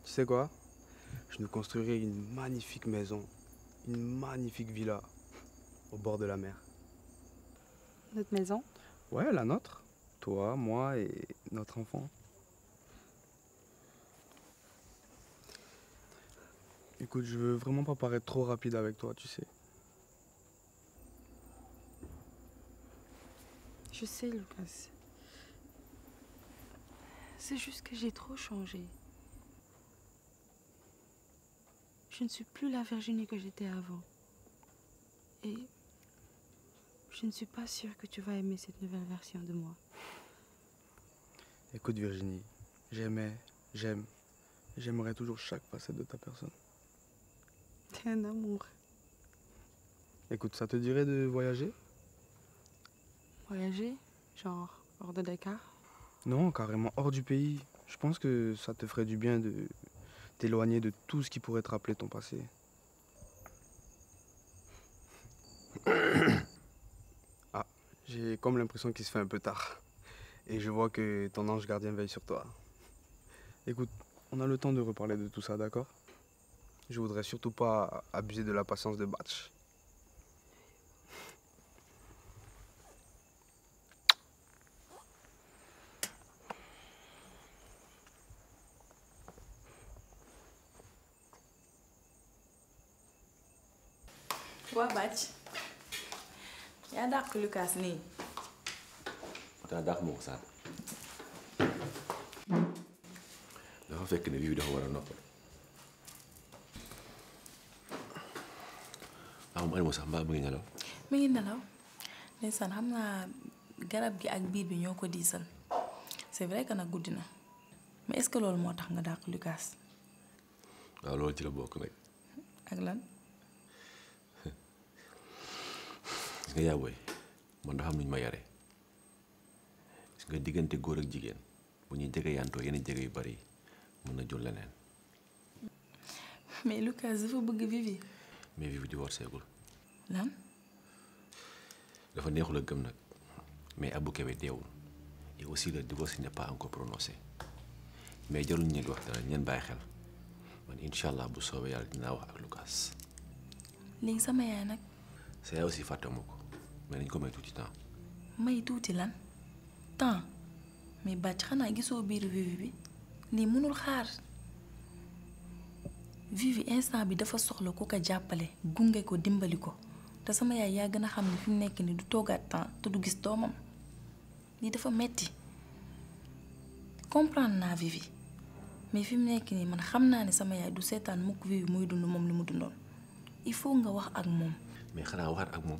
Tu sais quoi Je nous construirai une magnifique maison, une magnifique villa au bord de la mer. Notre maison Ouais, la nôtre. Toi, moi et notre enfant. Écoute, je veux vraiment pas paraître trop rapide avec toi, tu sais. Je sais, Lucas. C'est juste que j'ai trop changé. Je ne suis plus la Virginie que j'étais avant. Et je ne suis pas sûre que tu vas aimer cette nouvelle version de moi. Écoute Virginie, j'aimais, j'aime, j'aimerais toujours chaque facette de ta personne. T'es un amour. Écoute, ça te dirait de voyager Voyager Genre hors de Dakar non, carrément hors du pays. Je pense que ça te ferait du bien de t'éloigner de tout ce qui pourrait te rappeler ton passé. *coughs* ah, j'ai comme l'impression qu'il se fait un peu tard. Et je vois que ton ange gardien veille sur toi. Écoute, on a le temps de reparler de tout ça, d'accord Je voudrais surtout pas abuser de la patience de Batch. waa bàcc yaa dàq Lucas nii moo dafa fekk ne bii dafa war a noppal waaw mu animoo sax mbaa mu ngi nelaw mu ngi nelaw ndeysaan xam naa garab gi ak biir bi ñoo ko diisal c'est vrai que nag guddi na mais est loolu moo tax nga dàq Lucas waaw loolu ci la bokk nag ak lan gis nga yàggooy man dafa am lu ñu ma yare gis nga diggante góor ak jigéen bu ñuy jege yantoo yenn jege yu bari mën na jur leneen mais Lucas dafa bëgg Vivi mais Vivi divorcéegul lan dafa neexul a gëm nag mais Abou kewee deewul et aussi le divorce n'est pas encore prononcé mais jarul ñu di wax dara ñeen bàyyi xel man incha bu soobee yàlla dinaa wax ak Lucas léegi sama yaay nag sa yaay aussi fàtte mais ko may tuuti tuuti lan temps mais bàcc xanaa gisoo biir Vivi bi lii mënul xaar Vivi instant bi dafa soxla ku ko jàppale gunge ko dimbali ko te sama yaay yaa gën a xam ne fi mu nekk nii du toogaat temps te du gis doomam lii dafa metti comprendre naa Vivi mais fi mu nekk nii man xam naa ne sama yaay du seetaan mukk Vivi muy dund moom li mu dundoon il faut nga wax ak moom. mais xanaa waxaat ak moom.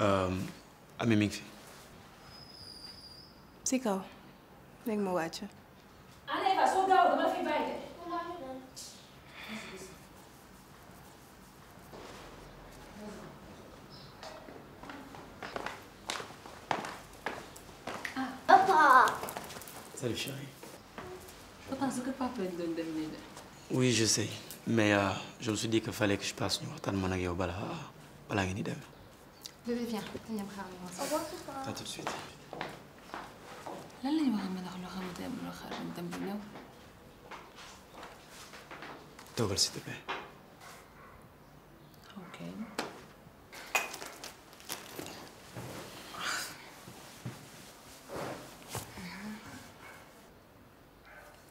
ami mi ngi fi. si kaw léegi ma wàcc. Ana Eva soo gaawoo dama fi bàyyi de. Papa. Salut chérie. Papa, ce que papa donne de Oui, je sais. Mais euh, je me suis dit qu'il fallait que je passe une heure de mon balaa balaa ngeen di بيبي viens, الدنيا بخير tout de suite. pas.. te OK.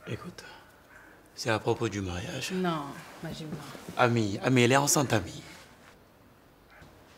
Écoute, c'est à propos du mariage. Non, ma pas. Ami, Ami, elle est enceinte, Ami.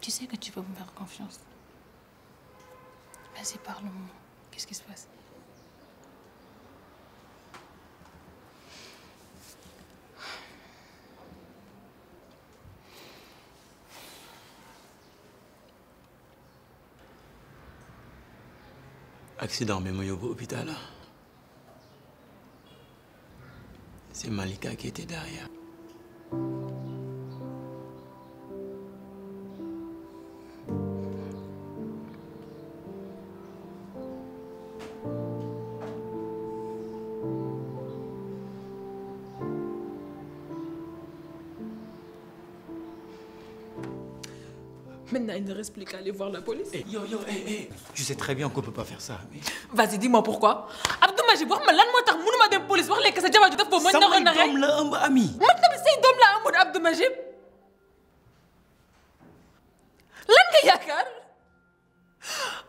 Tu sais que tu peux me faire confiance. Vas-y, parle-moi. Qu'est-ce qui se passe Accident, mais moi, au hôpital. C'est Malika qui était derrière. il ne reste plus qu'à aller voir la police. Eh, yo, yo, hey, hey. Je sais très bien qu'on peut pas faire ça. Mais... Vas-y, dis-moi pourquoi. Abdouma, je vois que je ne peux pas police. Je ne peux pas faire police. Je ne peux pas faire police. Je ne peux ami. Je ne peux pas faire lan nga yaakaar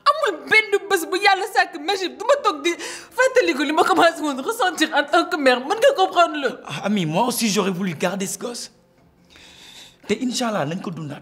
amul benn bés bu yàlla sàkk Majib du ma toog di fàttaliku li ma commencé woon ressentir en tant que mère mën nga comprendre le. Ah, ami moi aussi j'aurais voulu garder ce gosse te incha allah nañ ko dundaat.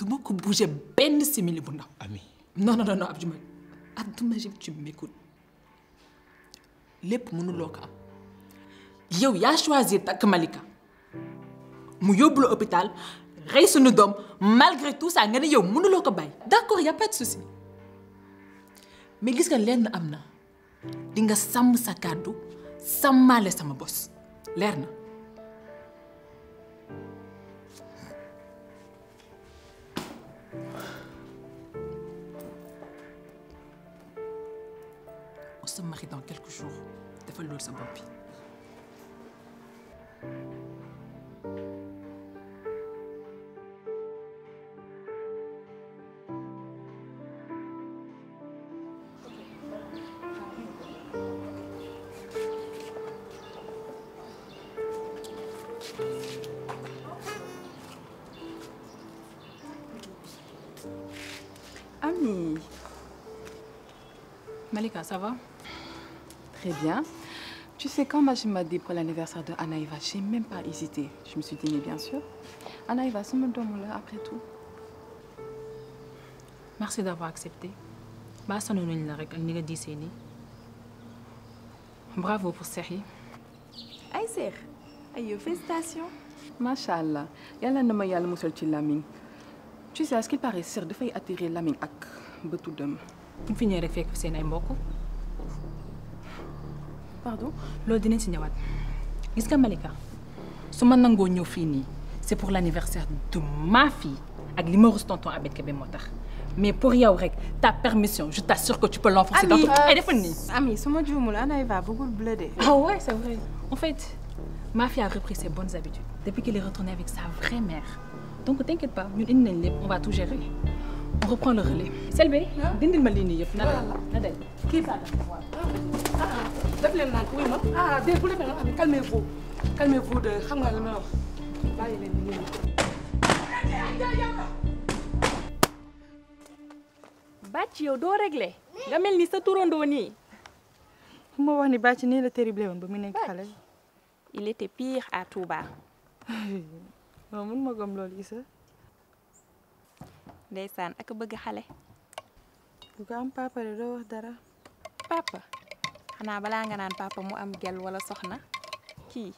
Tu m'as bouger ben simili bu ami non non non Abdou Majid Abdou Majid tu m'écoutes lépp mënuloo ko am yow yaa choisir takk Malika mu hôpital rey nous doom malgré tout ça nga yo yow mënuloo ko d'accord y a pas de souci mais gis nga lenn am di nga sàmm sa kàddu sàmmaale sama bos dans quelques jours de fallu sa bopp Ami..! Malika, ça va Très bien. Tu sais, quand Majim m'a dit pour l'anniversaire de Anaïva, n'ai même pas hésité. Je me suis dit, mais bien sûr, Anaïva, c'est mon donne après tout. Merci d'avoir accepté. Bravo pour Seri. Aïe, Ser. Aïe, félicitations. Machallah. Yalla nama yalla musul ci lamine. Tu sais, à ce qu'il paraît, c'est dafay attirer lamine ak beutou dem. Pour finir avec rek fekk pardon l'ordinateur dinañ si ñëwaat gis nga Malika su ma nangoo ñëw fii nii c'est pour l'anniversaire de ma fille ak li ma rus tonton Abed Kébé mais pour yow rek ta permission je t'assure que tu peux l'enfoncer dans ton... téléphone eh, defal euh, nii Ami su ma juumul va bëggul blëde ah ouais c'est vrai en fait ma fille a repris ses bonnes habitudes depuis qu'elle est retournée avec sa vraie mère donc t'inquiète pas ñun indi nañ lépp on va tout gérer on reprend le relais Selbé ah. dindil ma lii nii yëpp na day na day kii def leen naan wuy ma ah dégg bu defee nga doo réglé nga mel ni sa turandoo nii. fu wax ni bàcc nii la terrible woon ba mu nekk xale. il était pire à Touba. non *laughs* mun ma gëm loolu Issa. ndeysaan ak bëgg xale. bu ko am papa de doo wax dara. papa. xanaa balaa nga naan papa mu am gel wala soxna kii.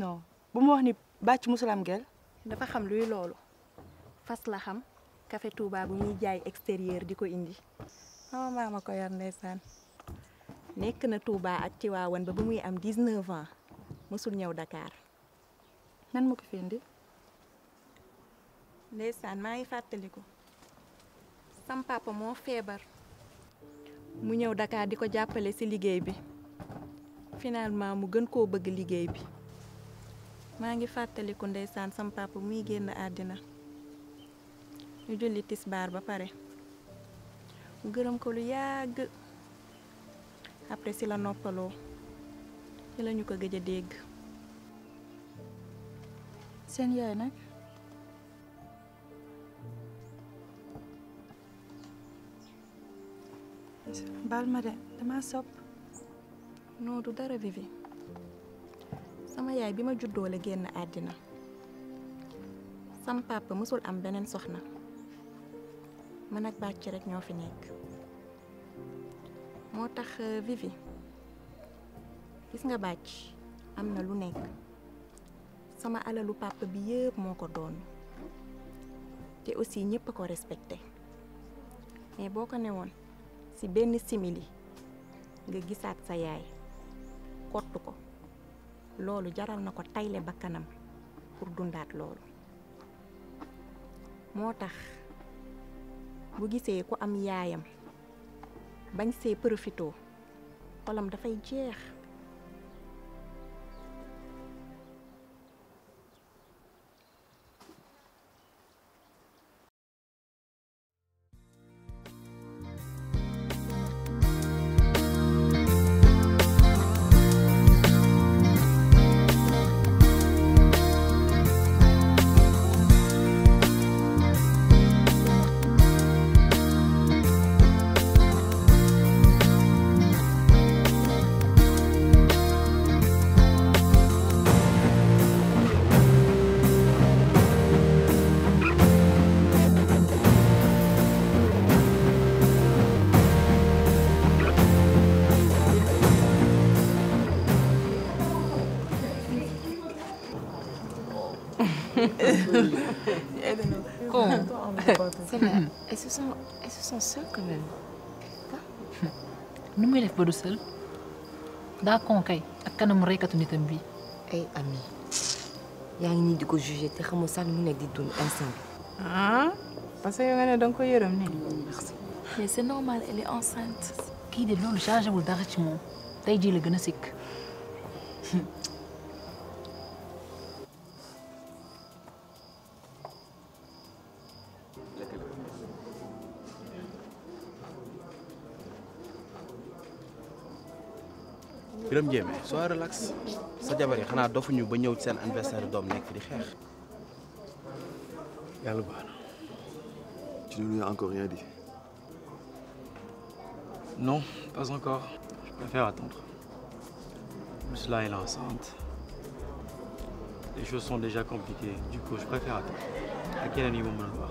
non bu mu wax ni bàcc musul am gel. dafa xam luy loolu fas la xam kafe tuubaa bu muy jaay extérieur di ko indi sama maama ko yar ndeysaan nekk na Touba ak Tiwaawan ba bu muy am 19 ans mosul ñëw Dakar nan ma ko fi indi ndeysaan maa ngi fàttaliku sam papa moo feebar. mu ñëw Dakar di ko jàppale ci liggéey bi finalement mu gën koo bëgg liggéey bi maa ngi fàttaliku ndeysaan sam muy génn àddina ñu julli tisbaar ba pare mu gërëm ko lu yàgg après ci la noppaloo ci la ko gëj a dégg seen yaay nag Balmare, da ma No du dara Vivi sama yaay bima ma juddoo la génn adina. sam papa musul am benen soxna man ak bacci rek ñoo fi nekk moo euh, Vivi gis nga bacci amna lu nek. sama alalu papa bi yeb moko doon te aussi ñepp ko respecté mais boko si benn simili nga gisaat sa yaay kott ko loolu jaral na ko tayle kanam pour dundaat loolu moo tax bu gisee ku am yaayam bañ see profito xolam dafay jeex elles se sont quand même. *laughs* nu muy seuls. D'accord, quand nitam ami di ko T'es comme ensemble. ah parce que vous merci c'est normal elle est enceinte. Qui de le le charge dara de le *laughs* suis Ndiémé soo relax sa jabar yi xanaa dofuñu ba ñëw ci anniversaire doom nekk di xeex. yàlla tu ne lui as encore rien dit. non pas encore je préfère attendre. Cela est enceinte. les choses sont déjà compliquées du coup je préfère attendre. à quel moment va le voir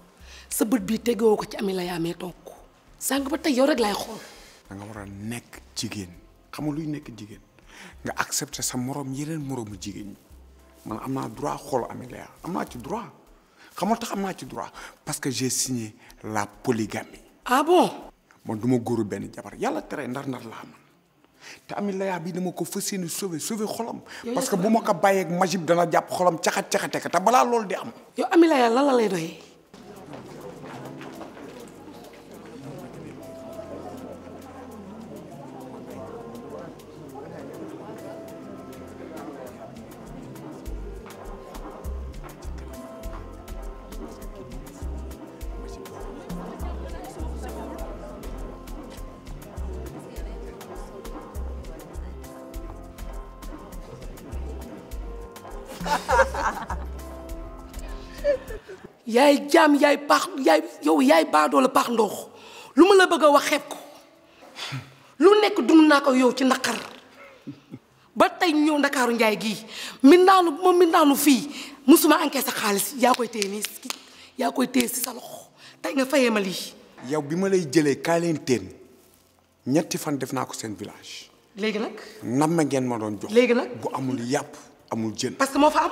sa bët bi tegewoo ko ci ami la yaamee tok sang ba tay yow ya rek lay ya, xol da nga wara nek jigen xamul luy nek jigen nga accepter sa morom yeneen moromu jigen ni man amna droit xol ami la amna ci droit xamul tax amna ci droit parce que j'ai signé la polygamie ah bon man duma ben jabar yalla tere ndar-ndar laman. am te ami ya bi dama ko fas sauver sauver xolam ya, parce que buma ko baye ak majib dana japp xolam tiaxat caxate ka te balaa loolu di am yow ami la lay yaay jaam yaay paax yaay yow yaay baadoo la paax ndox lu ma la bëgg a wax xeeb ko lu nekk dund naa ko yow ci naqar ba tey ñëw ndakaaru njaay gii mbindaanu moom mbindaanu fii musuma enkee sa xaalis yaa koy téye nii yaa koy téye si sa loxo tey nga fayee ma lii yow bi ma lay jëlee kaa ñetti fan def naa ko seen village léegi nag nam ma ngeen ma doon jox léegi nag bu amul yàpp amul jën parce que moo fa am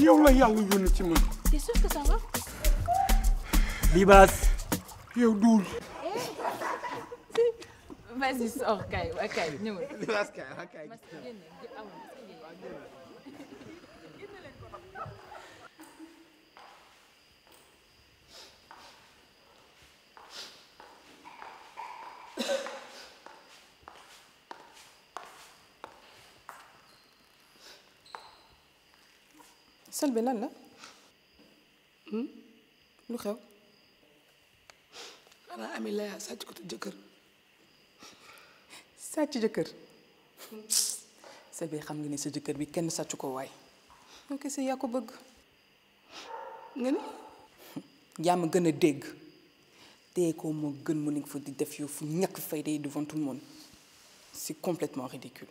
yow la c'est sûr que ça va. Bibas eh, vas-y *laughs* sel bi lan la hmm? lu xew xanaa ami layaa sàcc ko tu jëkkër sàcc jëkkër hmm. sel xam nga ni sa jëkkër bi kenn sàcc ko waay nga yaa ko bëgg nga ni yaa ma gën a dégg tey ko moo gën mu nekk fa di def yow fu ñàkk fayda yi devant tout le monde c'est ridicule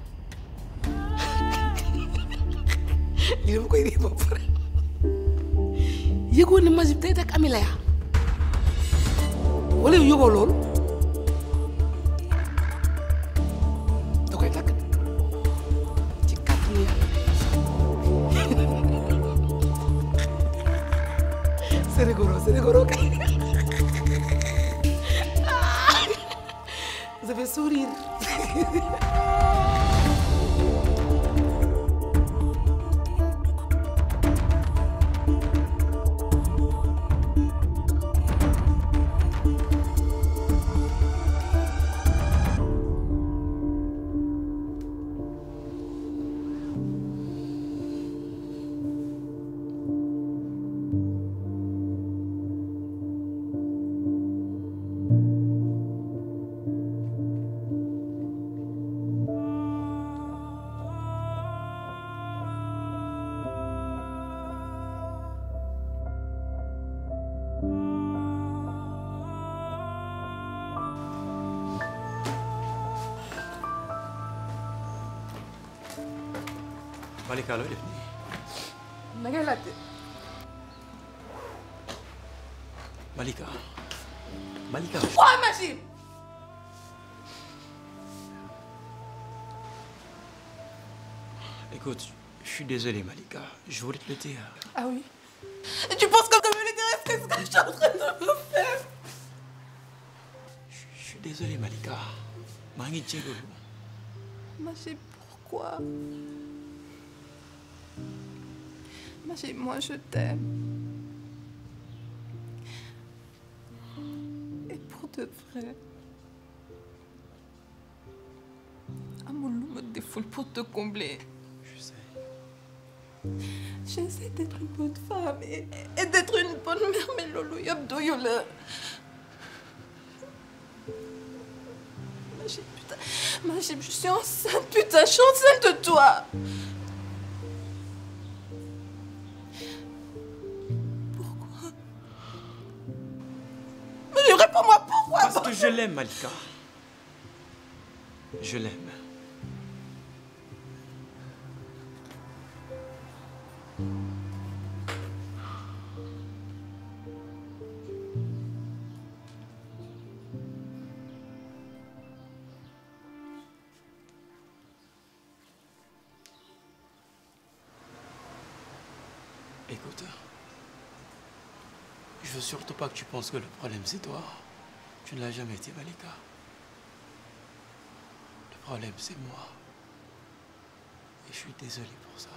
lii dama koy ree ba pare yëgoon ne Majib tey teg Ami laya wala yow yóbboo loolu da koy takk ci kàttanu yàlla c'est rigolo c'est rigolo kay je vais sourire Malika, Je Malika Malika. Écoute, je suis désolé Malika, je voulais te le dire. Ah oui. tu penses que comme je le dire, c'est ce que je suis en train de me faire. Je suis désolé Malika. maa Ma chérie, pourquoi? Magie, moi je t'aime. Et pour de vrai. Amoulou me défoule pour te combler. Je sais. J'essaie d'être une bonne femme et, d'être une bonne mère, mais Lolo Yabdoyola. Magie, putain. Magie, je suis enceinte, putain, je suis enceinte de toi. je l'aime, Malika. Je l'aime. Écoute, je veux surtout pas que tu penses que le problème c'est toi. Tu ne l'as jamais été, Malika. Le problème, c'est moi. Et je suis désolé pour ça.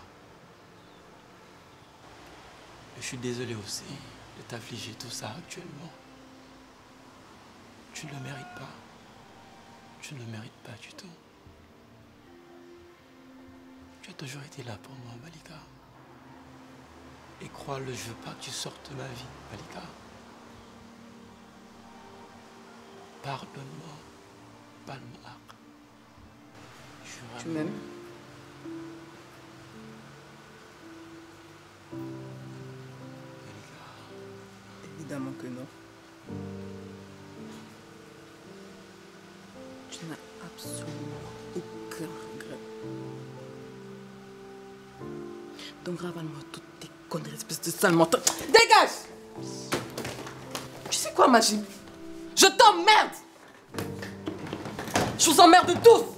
je suis désolé aussi de t'affliger tout ça actuellement. Tu ne le mérites pas. Tu ne le mérites pas du tout. Tu as toujours été là pour moi, Malika. Et crois-le, je veux pas que tu sortes de ma vie, Malika. Pardonne-moi, Pardonne-moi..! Tu m'aimes Évidemment que non. Tu n'as absolument aucun regret. Donc ravale-moi toutes tes conneries, espèce de sale menteur. Dégage Tu sais quoi, Magie je t'emmerde Je vous emmerde tous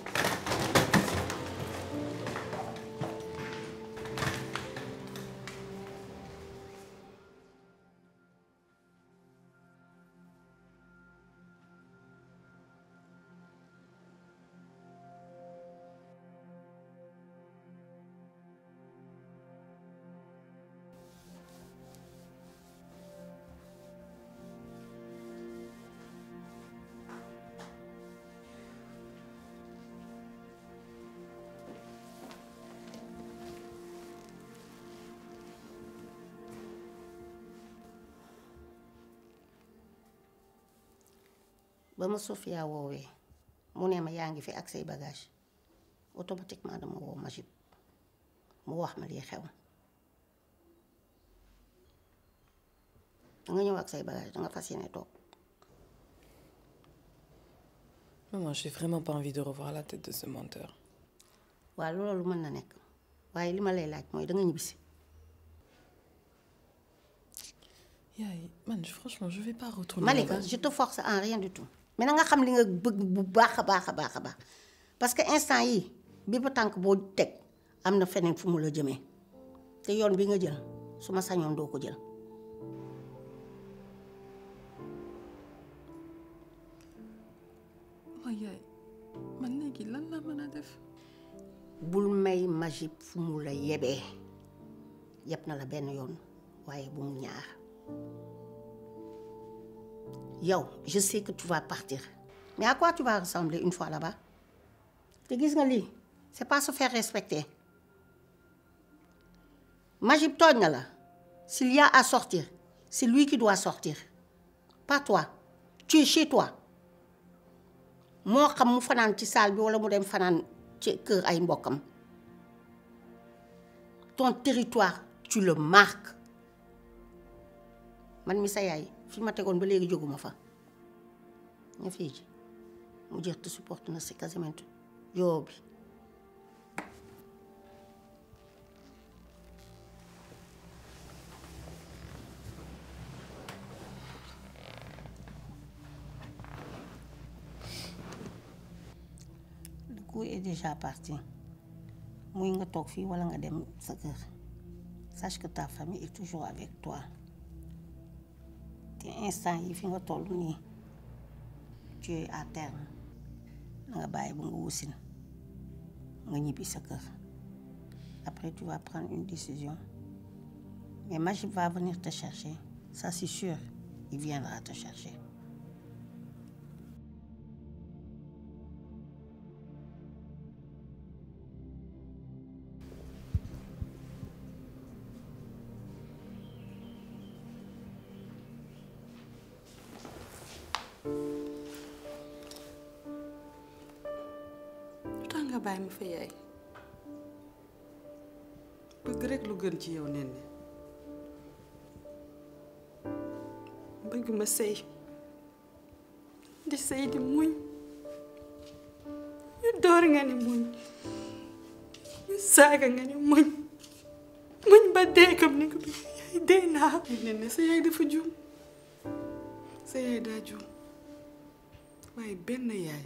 ba ma Sofia woowee mu ne ma yaa ngi fi ak say bagage automatiquement dama woo Majib mu wax ma lii xew danga ñëw ak say bagage danga fas yéene toog maman j'ai vraiment pas envie de revoir la tête de ce menteur waaw loolu mën na nekk waaye li ma lay laaj mooy danga ñibbisi yaay man franchement je vais pas retourner Malika je te force en rien du tout mais nga xam li nga bëgg bu baax a baax a baax a baax parce que instant yi bépp tànk boo teg am na feneen fu mu la jëmee te yoon bi nga jël su ma sañoon doo ko jël waaye oh, yaay man léegi lan la mën a def bul may fu mu la yebee yeb na la benn yoon waaye bu mu ñaar Yo, je sais que tu vas partir mais à quoi tu vas ressembler une fois là-bas tu gis nga c'est pas se faire respecter Majib là, s'il y a à sortir c'est lui qui doit sortir pas toi tu es chez toi Moi xam mu fanaan ci salle bi walla mu dem fanaan ci kër ay ton territoire tu le marques man mi sa fi ma tegoon ba léegi jóguma fa nga fii ji mu jeex te supporte na si Casamance yoo bi le coup est déjà parti muy nga toog fii walla nga dem sa kër sache que ta famille toujours avec toi Tu instant yi fi tu es à terme Tu nga bàyyi nga wusin nga après tu vas prendre une décision mais Majib va venir te chercher ça c'est sûr il viendra te chercher mi fa yaay bëgg rek lu gën ci yow nen bëgg ma sëy di sëy di muñ ñu door nga ni muñ ñu saaga nga ni muñ muñ ba dee kam ni ko yaay dee naa nen sa yaay dafa juum sa yaay daa juum waaye benn yaay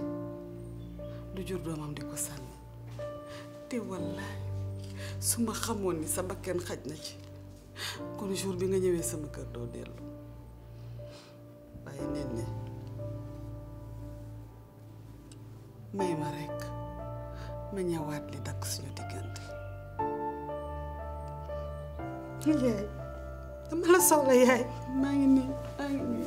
du jur doomam di ko sànni te wallaay su ma ni sa bakken xajna ci kon jour bi nga ñëwee sama kër do delu waaye nit ne may ma rek ma ñëwaat li dakk suñu digënté yaay dama la soxla yaay maa ngi nii maa ngi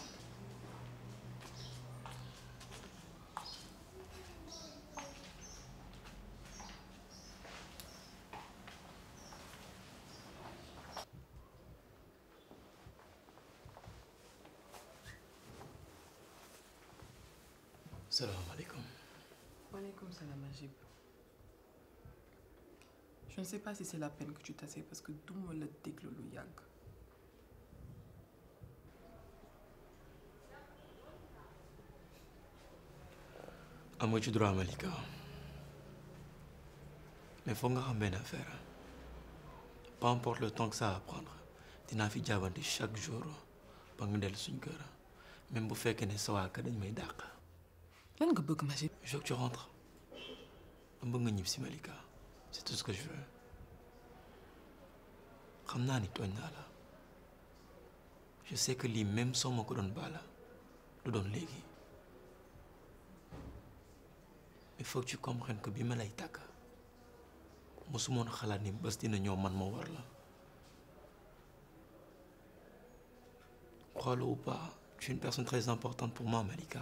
alaikum. Waaleykum salam Ajib. Je ne sais pas si c'est la peine que tu t'assais parce que tout le monde est lu yàgg. tu droit Malika mais faut nga ramène à affaire Pas importe le temps que ça va prendre dinaa fi jaabante chaque jour pendant nga dellu suñ même bu tu ne sa waa dañ may je veux que tu rentres Malika c'est tout ce que je veux ni je sais que les même sont mon ko bala. baala hein. du légui. mais faut que tu comprennes que bi ma lay tàkk mon chalani, ni bés dina man Crois-le ou pas, tu es une personne très importante pour moi, Malika.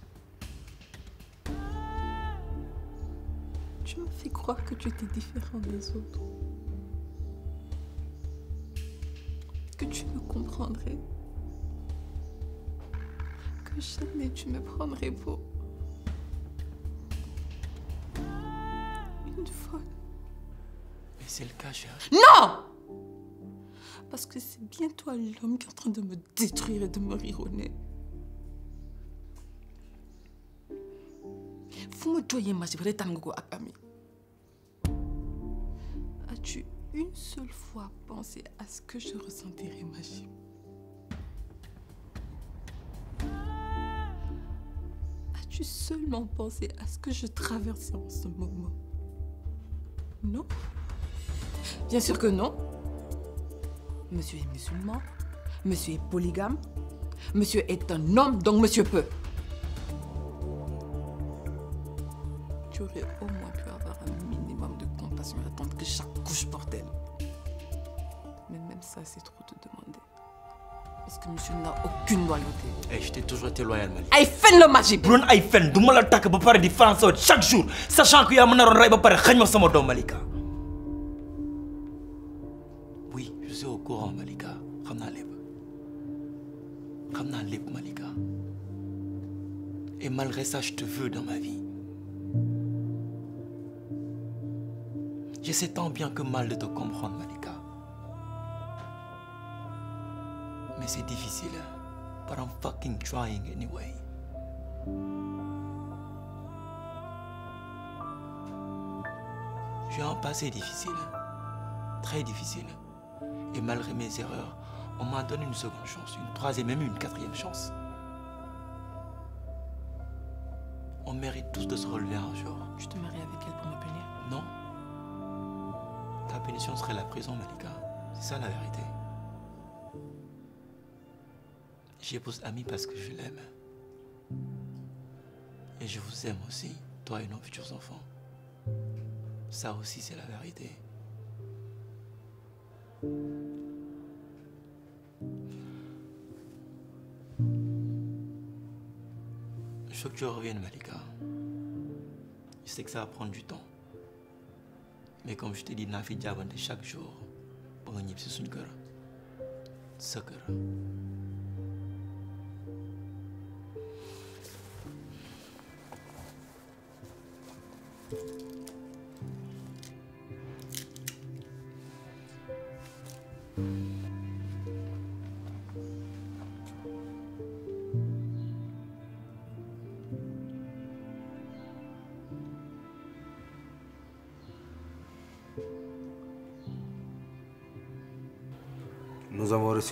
Tu m'as fait croire que tu étais différent des autres. Que tu me comprendrais. Que jamais tu me prendrais pour... Une folle. Mais c'est le cas, chérie. Non Parce que c'est bien toi l'homme qui est en train de me détruire et de me nez. fumoto gogo tango Ami? As-tu une seule fois pensé à ce que je ressentirais chérie As-tu seulement pensé à ce que je traversais en ce moment Non Bien sûr que non. Monsieur est musulman, monsieur est polygame, monsieur est un homme, donc monsieur peut. j'aurais au moins pu avoir un minimum de compassion et attendre que chaque couche porte elle. Mais même ça, c'est trop te demander. Parce que monsieur n'a aucune loyauté. Eh, je t'ai toujours été loyal, Mali. Aïfen le magique. Brun Aïfen, le la pas pour des différences chaque jour, sachant que y a mon faire raïba par Malika. Oui, je suis au courant, Malika. Ramna Leb. Ramna Leb, Malika. Et malgré ça, je te veux dans ma vie. c'est tant bien que mal de te comprendre, Malika. Mais c'est difficile. Par hein. fucking trying anyway. J'ai un passé difficile. Hein. Très difficile. Et malgré mes erreurs, on m'a donné une seconde chance, une troisième, même une quatrième chance. On mérite tous de se relever un jour. Tu te maries avec elle pour me punir Non. La punition serait la prison, Malika. C'est ça la vérité. J'épouse Ami parce que je l'aime. Et je vous aime aussi, toi et nos futurs enfants. Ça aussi, c'est la vérité. Je veux que tu reviennes, Malika. Je sais que ça va prendre du temps mais comme je te dis naa fi jaabante chaque jour pour nga ñib si suñu kër sa kër Thank you.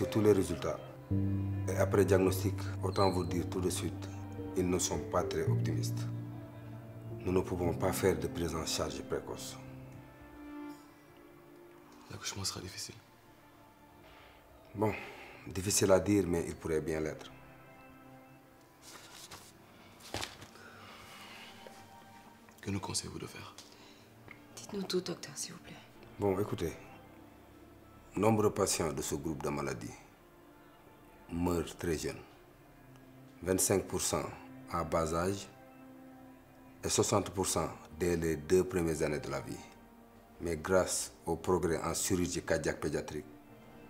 tous les résultats. Et après diagnostic, autant vous dire tout de suite, ils ne sont pas très optimistes. Nous ne pouvons pas faire de prise en charge précoce. L'accouchement sera difficile. Bon, difficile à dire, mais il pourrait bien l'être. Que nous conseillez-vous de faire Dites-nous tout, docteur, s'il vous plaît. Bon, écoutez, Nombre de patients de ce groupe de maladies meurent très jeunes. 25% à bas âge et 60% dès les deux premières années de la vie. Mais grâce au progrès en chirurgie cardiaque pédiatrique,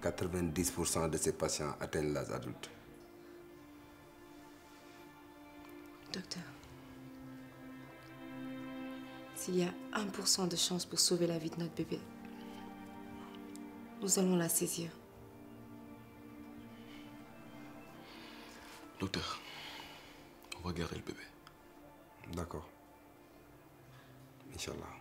90% de ces patients atteignent l'âge adulte. Docteur, s'il y a 1% de chance pour sauver la vie de notre bébé, nous allons la saisir. Docteur, on va garder le bébé. D'accord. Inch'Allah.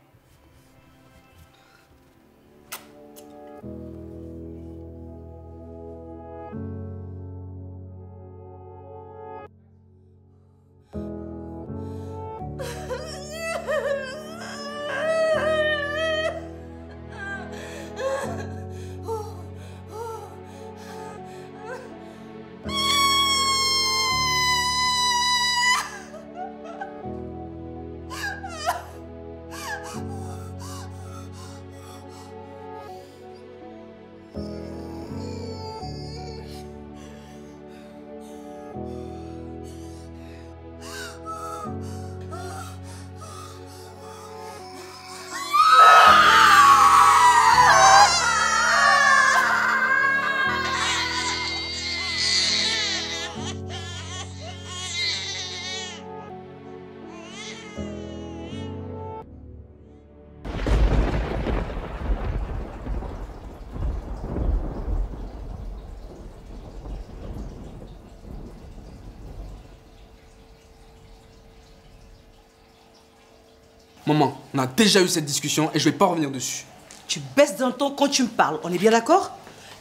Maman, on a déjà eu cette discussion et je vais pas revenir dessus. Tu baisses d'un ton quand tu me parles, on est bien d'accord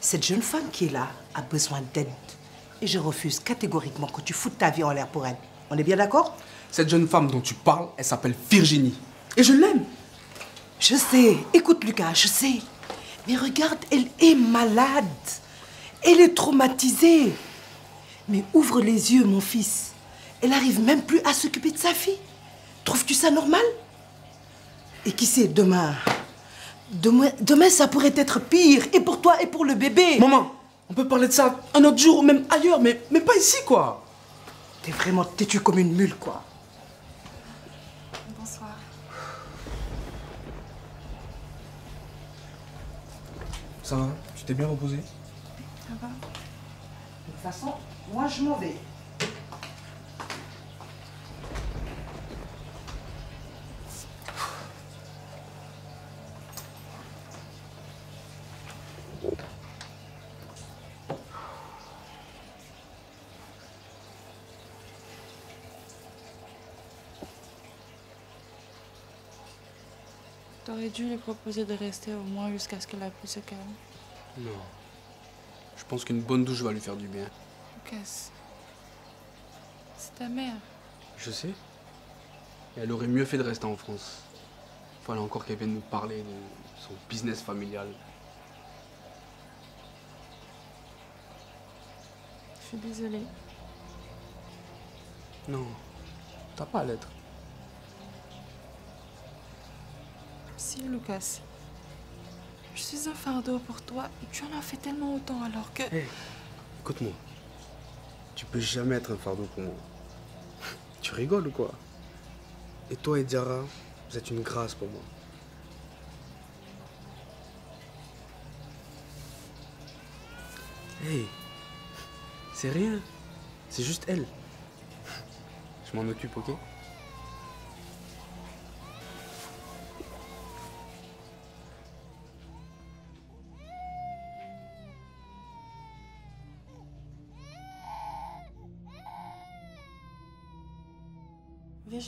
Cette jeune femme qui est là a besoin d'aide. Et je refuse catégoriquement que tu foutes ta vie en l'air pour elle. On est bien d'accord Cette jeune femme dont tu parles, elle s'appelle Virginie. Et je l'aime. Je sais. Écoute, Lucas, je sais. Mais regarde, elle est malade. Elle est traumatisée. Mais ouvre les yeux, mon fils. Elle n'arrive même plus à s'occuper de sa fille. Trouves-tu ça normal et qui sait, demain... Demain, ça pourrait être pire, et pour toi, et pour le bébé. Maman, on peut parler de ça un autre jour, ou même ailleurs, mais, mais pas ici, quoi. T'es vraiment têtu comme une mule, quoi. Bonsoir. Ça va Tu t'es bien reposé Ça va. De toute façon, moi, je m'en vais. aurais dû lui proposer de rester au moins jusqu'à ce qu'elle la plus se calme. Non. Je pense qu'une bonne douche va lui faire du bien. Lucas, c'est ta mère. Je sais. Et elle aurait mieux fait de rester en France. fallait encore qu'elle vienne nous parler de son business familial. Je suis désolée. Non, t'as pas à l'être. Si, Lucas. Je suis un fardeau pour toi et tu en as fait tellement autant alors que... écoute-moi. Tu peux jamais être un fardeau pour moi. *laughs* Tu rigoles ou quoi Et toi et Diara, vous êtes une grâce pour moi. Hey, c'est rien. C'est juste elle. Je m'en occupe, ok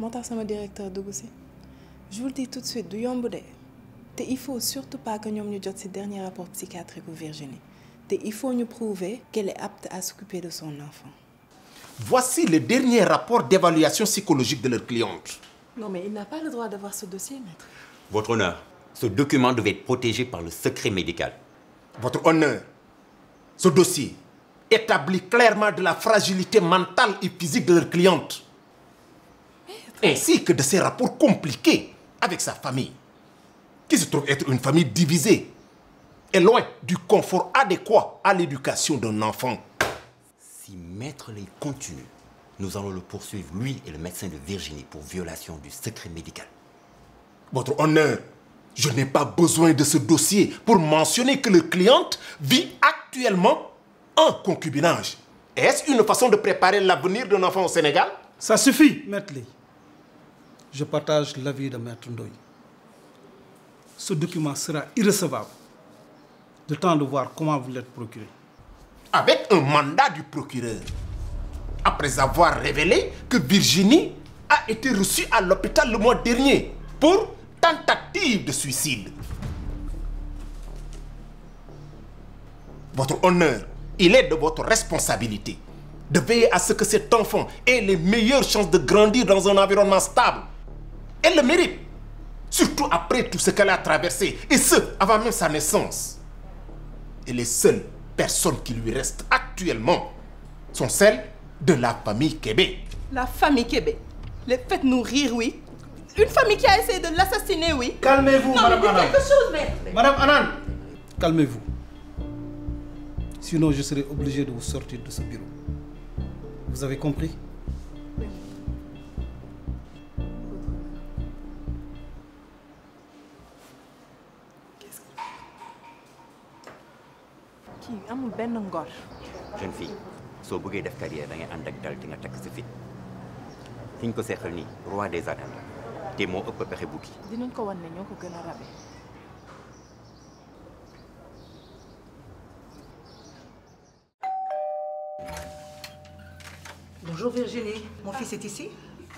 Monsieur le directeur de je vous le dis tout de suite il faut surtout pas que nous nous jot ci dernier rapport psychiatrique au Virginie il faut nous prouver qu'elle est apte à s'occuper de son enfant. Voici le dernier rapport d'évaluation psychologique de leur cliente. Non mais il n'a pas le droit d'avoir ce dossier, maître. Votre honneur, ce document devait être protégé par le secret médical. Votre honneur, ce dossier établit clairement de la fragilité mentale et physique de leur cliente ainsi que de ses rapports compliqués avec sa famille, qui se trouve être une famille divisée et loin du confort adéquat à l'éducation d'un enfant. Si Maître les continue, nous allons le poursuivre, lui et le médecin de Virginie, pour violation du secret médical. Votre honneur, je n'ai pas besoin de ce dossier pour mentionner que le cliente vit actuellement en concubinage. Est-ce une façon de préparer l'avenir d'un enfant au Sénégal Ça suffit, Maître Lee je partage l'avis de Maître Ndoye. Ce document sera irrecevable. Le temps de voir comment vous l'êtes procuré. Avec un mandat du procureur, après avoir révélé que Virginie a été reçue à l'hôpital le mois dernier pour tentative de suicide. Votre honneur, il est de votre responsabilité de veiller à ce que cet enfant ait les meilleures chances de grandir dans un environnement stable elle le mérite. Surtout après tout ce qu'elle a traversé. Et ce, avant même sa naissance. Et les seules personnes qui lui restent actuellement sont celles de la famille Québec. La famille Québec Les faites-nous rire, oui. Une famille qui a essayé de l'assassiner, oui. Calmez-vous, Madame Anan. Madame Anan, calmez-vous. Sinon, je serai obligé de vous sortir de ce bureau. Vous avez compris kii amul benn ngor. jeune fille soo bëggee def carrière da ngay ànd ak dal te nga takk si fit fi ñu ko seexal nii roi des arènes la te moo ëpp pexe bukki. dinañ ko wan ne ñoo ko gën a rabe. Bonjour Virginie, mon fils est ici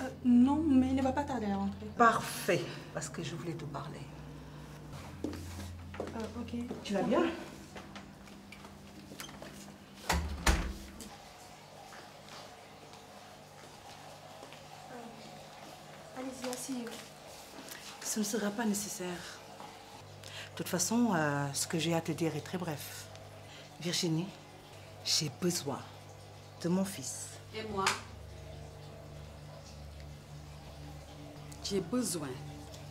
euh, Non, mais il ne va pas tarder à rentrer. Parfait, parce que je voulais te parler. Euh, ok. Tu vas bien Allez-y, Ce ne sera pas nécessaire. De toute façon, euh, ce que j'ai à te dire est très bref. Virginie, j'ai besoin de mon fils. Et moi J'ai besoin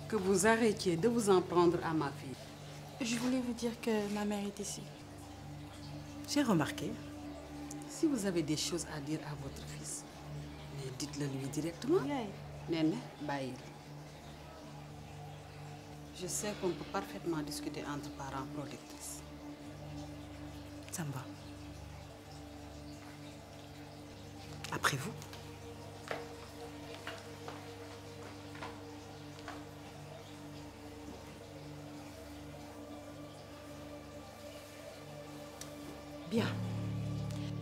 que vous arrêtiez de vous en prendre à ma fille. Je voulais vous dire que ma mère est ici. J'ai remarqué. Si vous avez des choses à dire à votre fils, dites-le lui directement. Néné Baï, je sais qu'on peut parfaitement discuter entre parents protectrices ça me va après vous bien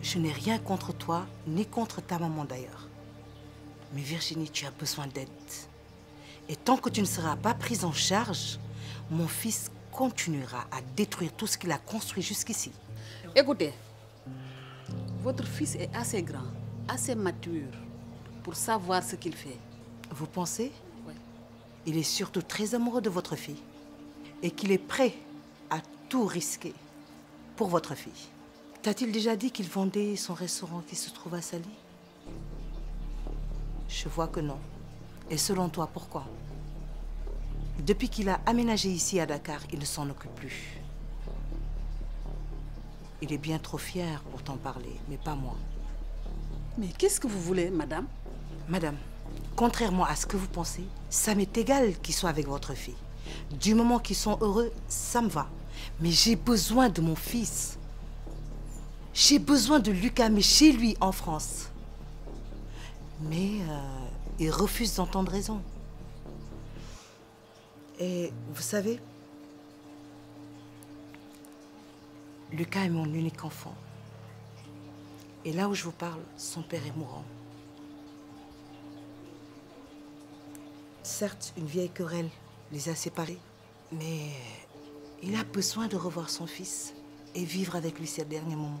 je n'ai rien contre toi ni contre ta maman d'ailleurs mais Virginie, tu as besoin d'aide. Et tant que tu ne seras pas prise en charge, mon fils continuera à détruire tout ce qu'il a construit jusqu'ici. Écoutez, votre fils est assez grand, assez mature pour savoir ce qu'il fait. Vous pensez Oui. Il est surtout très amoureux de votre fille et qu'il est prêt à tout risquer pour votre fille. T'a-t-il déjà dit qu'il vendait son restaurant qui se trouve à Sali je vois que non. Et selon toi, pourquoi Depuis qu'il a aménagé ici à Dakar, il ne s'en occupe plus. Il est bien trop fier pour t'en parler, mais pas moi. Mais qu'est-ce que vous voulez, madame Madame, contrairement à ce que vous pensez, ça m'est égal qu'il soit avec votre fille. Du moment qu'ils sont heureux, ça me va. Mais j'ai besoin de mon fils. J'ai besoin de Lucas, mais chez lui, en France. Mais refuse d'entendre raison. Et vous savez, Lucas est mon unique enfant. Et là où je vous parle, son père est mourant. Certes, une vieille querelle les a séparés, mais il a besoin de revoir son fils et vivre avec lui ces derniers moments.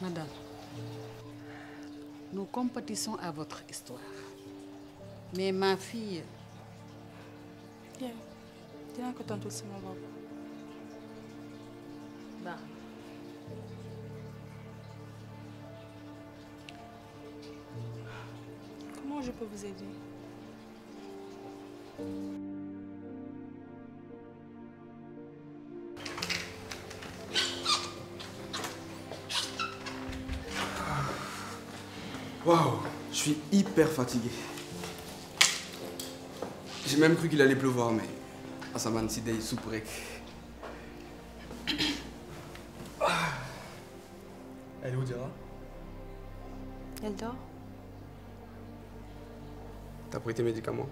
Madame, nous compétissons à votre histoire. Mais ma fille... tiens Tiens, ko tontu mon Bah. comment je peux vous aider. Waouh, je suis hyper fatigué. J'ai même cru qu'il allait pleuvoir, mais Asaman Sidei Souprek. Elle est où, Dira Elle dort. T'as pris tes médicaments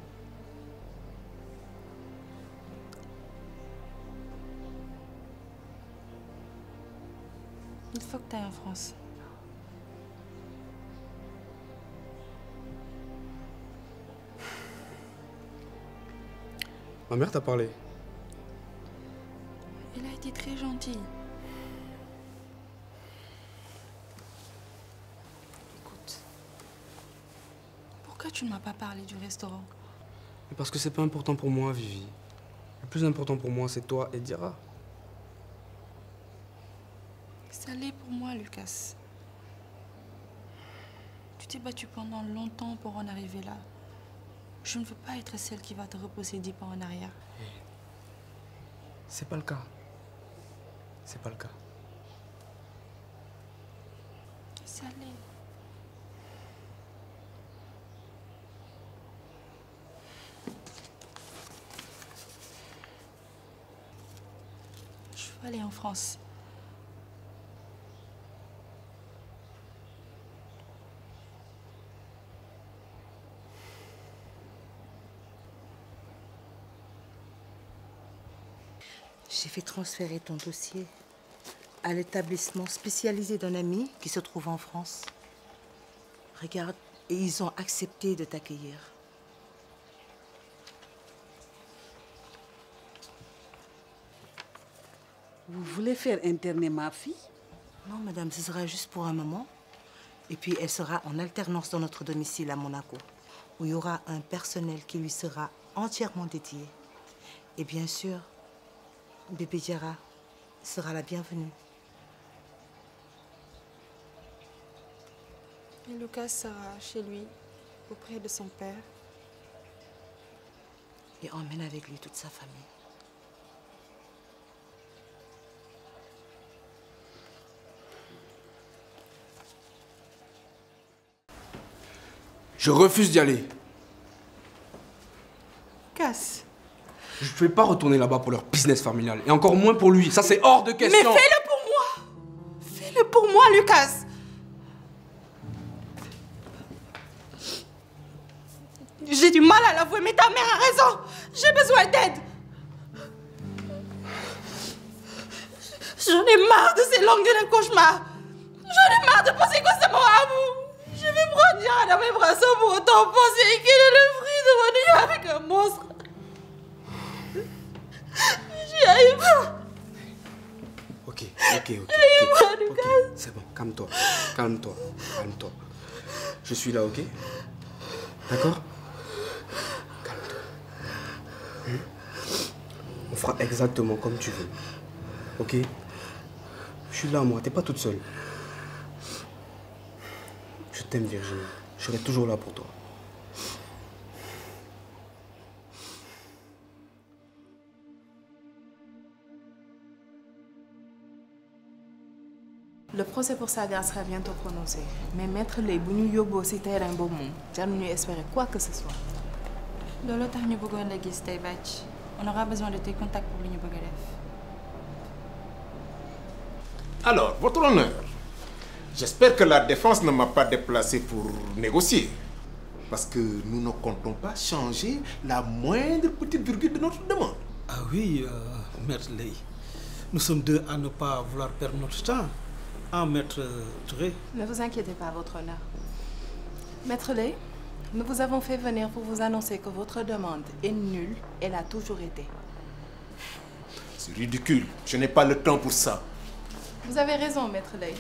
Il faut que t'ailles en France. Ma mère t'a parlé. Elle a été très gentille. Écoute, pourquoi tu ne m'as pas parlé du restaurant Parce que c'est pas important pour moi, Vivi. Le plus important pour moi, c'est toi et Dira. Ça l'est pour moi, Lucas. Tu t'es battu pendant longtemps pour en arriver là. Je ne veux pas être celle qui va te reposer dix pas en arrière. C'est pas le cas. C'est pas le cas. Salut. Je veux aller en France. J'ai fait transférer ton dossier à l'établissement spécialisé d'un ami qui se trouve en France. Regarde, et ils ont accepté de t'accueillir. Vous voulez faire interner ma fille Non, madame, ce sera juste pour un moment. Et puis, elle sera en alternance dans notre domicile à Monaco, où il y aura un personnel qui lui sera entièrement dédié. Et bien sûr, bébé Jara sera la bienvenue. Et Lucas sera chez lui, auprès de son père. Et emmène avec lui toute sa famille. Je refuse d'y aller. Je ne vais pas retourner là-bas pour leur business familial. Et encore moins pour lui. Ça, c'est hors de question. Mais fais-le pour moi. Fais-le pour moi, Lucas. J'ai du mal à l'avouer, mais ta mère a raison. J'ai besoin d'aide. J'en ai marre de ces langues d'un cauchemar. J'en ai marre de penser constamment à vous. Je vais prendre Yara dans mes bras sans pour autant penser qu'il est le fruit de mon union avec un monstre. J'y Ok, ok, ok. C'est bon, calme-toi. Calme-toi. Calme-toi. Je suis là, ok D'accord Calme-toi. Hmm? On fera exactement comme tu veux. Ok Je suis là, moi. T'es pas toute seule. Je t'aime, Virginie. Je serai toujours là pour toi. le procès pour Saga sera bientôt prononcé mais maître Ley si ñu ci terrain espérer quoi que ce soit. C'est tax ñu la on aura besoin de tes contacts pour l'union ñu alors votre honneur j'espère que la défense ne m'a pas déplacé pour négocier parce que nous ne comptons pas changer la moindre petite virgule de notre demande. ah oui euh, maître nous sommes deux à ne pas vouloir perdre notre temps. Ah, Maître Ne vous inquiétez pas, votre honneur. Maître Lay, nous vous avons fait venir pour vous annoncer que votre demande est nulle. Elle a toujours été. C'est ridicule. Je n'ai pas le temps pour ça. Vous avez raison, Maître Lay.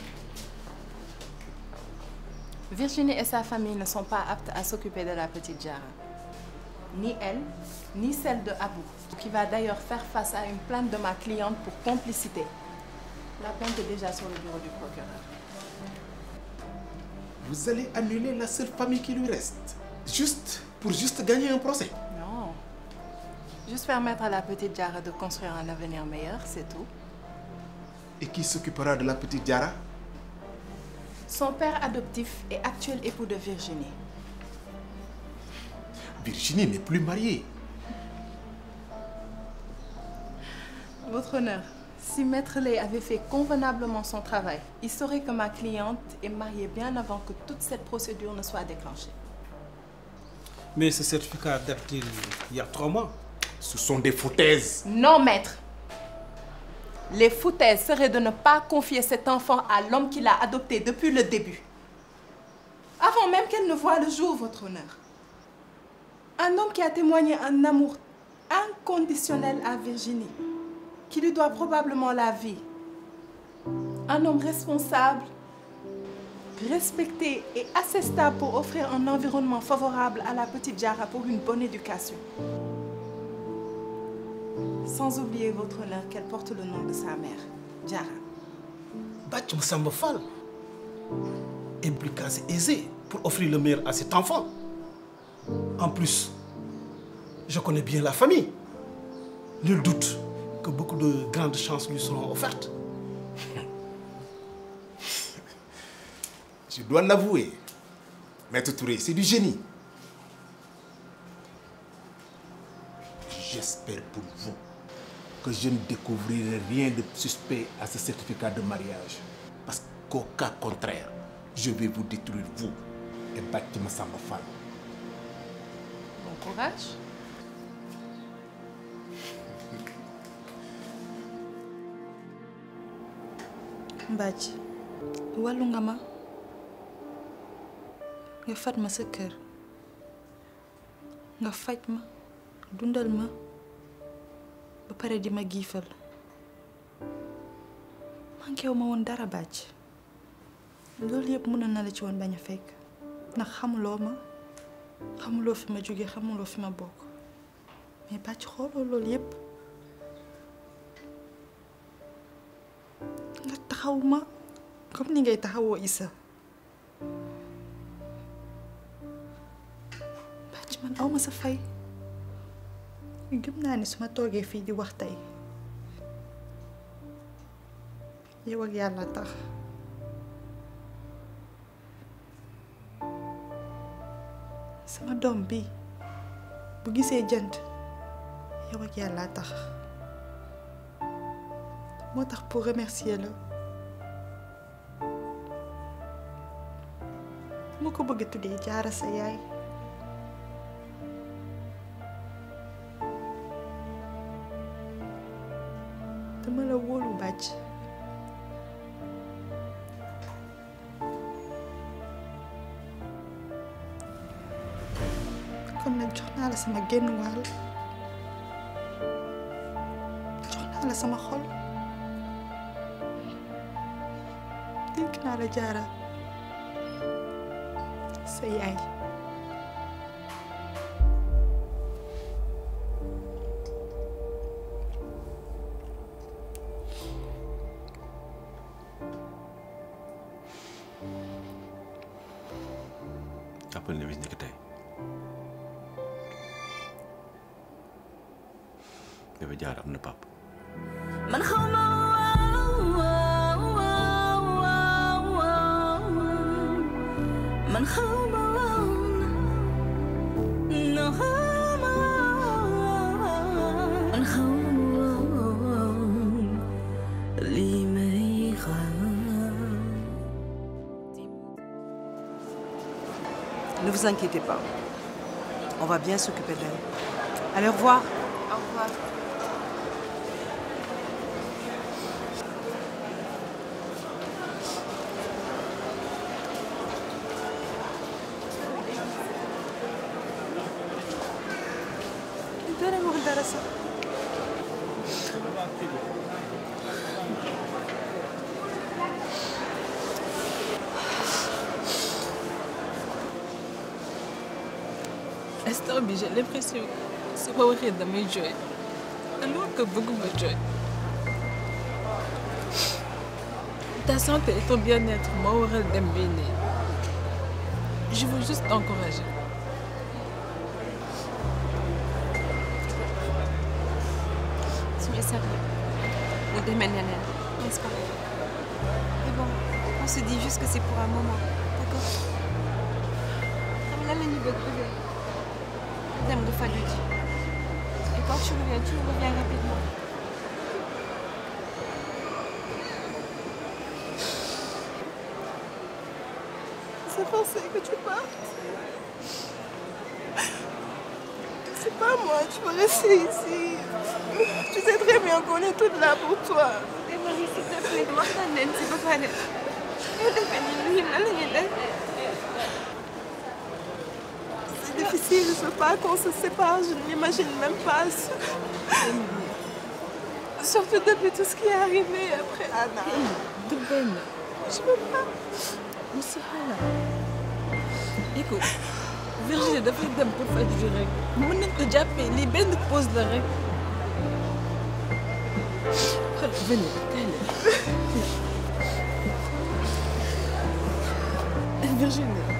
Virginie et sa famille ne sont pas aptes à s'occuper de la petite Jara. Ni elle, ni celle de Abou, qui va d'ailleurs faire face à une plainte de ma cliente pour complicité. La plainte est déjà sur le bureau du procureur. Vous allez annuler la seule famille qui lui reste, juste pour juste gagner un procès Non. Juste permettre à la petite Diara de construire un avenir meilleur, c'est tout. Et qui s'occupera de la petite Diara Son père adoptif est actuel époux de Virginie. Virginie n'est plus mariée. Votre honneur. Si Maître Lay avait fait convenablement son travail, il saurait que ma cliente est mariée bien avant que toute cette procédure ne soit déclenchée. Mais ce certificat date il y a trois mois. Ce sont des foutaises. Non, maître. Les foutaises seraient de ne pas confier cet enfant à l'homme qui l'a adopté depuis le début. Avant même qu'elle ne voie le jour, votre honneur. Un homme qui a témoigné un amour inconditionnel à Virginie qui lui doit probablement la vie. Un homme responsable, respecté et assez stable pour offrir un environnement favorable à la petite Jara pour une bonne éducation. Sans oublier votre honneur qu'elle porte le nom de sa mère, Jara. Et plus qu'assez aisé pour offrir le meilleur à cet enfant. En plus, je connais bien la famille. Nul doute que beaucoup de grandes chances lui seront offertes. Je dois l'avouer, Maître Touré, c'est du génie. J'espère pour vous que je ne découvrirai rien de suspect à ce certificat de mariage. Parce qu'au cas contraire, je vais vous détruire, vous, et Batima femme..! Bon courage. Mbàcc wàllu nga ma nga fat ma sa kër nga faj ma dundal ma ba pare di ma giifal manquéwu ma woon dara Bàcc loolu yëpp mënoon na la ci woon bañ a fekk ndax xamuloo ma xamuloo fi ma jóge xamuloo fi ma bokk mais Bàcc xooloo loolu yëpp. tahu, Mak. Kau meninggal tahu, Isa. Macam mana awak masa fai? Ingat mana ni semua tu agak fidi waktu ini. Ia ya, wagi Allah tak. Sama dombi. Ya, bagi sejant. Ia wagi Allah tak. Mau tak pun remercier lah. aku begitu dijarah sayang. Tâmălă wolu baci. Când jurnal sama Genwal, jurnal sama khol. Din kana jara. 所以，哎。vous inquiétez pas. On va bien s'occuper d'elle. Allez, au revoir. Au revoir. ko de damay jooy alors que bëgguma jooy ta santé et ton bien-être m'auraient waral je veux juste t'encourager Tu ça sérieux. Ou demee neneen n'est-ce pas mais bon on se dit juste que c'est pour un moment d'accord Ça là, la mieux. de bëggee de du faju quand tu reviens, tu reviens rapidement. C'est forcé que tu partes. C'est pas moi, tu veux rester ici. Tu sais très bien qu'on est toutes là pour toi. Et Marie, s'il te plaît, demande à Nancy, papa. Elle est venue, elle est venue difficile. Je veux pas qu'on se sépare. Je ne m'imagine même pas. Surtout depuis tout ce qui est arrivé après Anna. De Ben, Je veux pas. Monsieur Anna. Écoute, Virginie, d'après d'un pour de bi rek. mën nañ ko jàppee Les benn pause de rek. xool venez kay Virginie.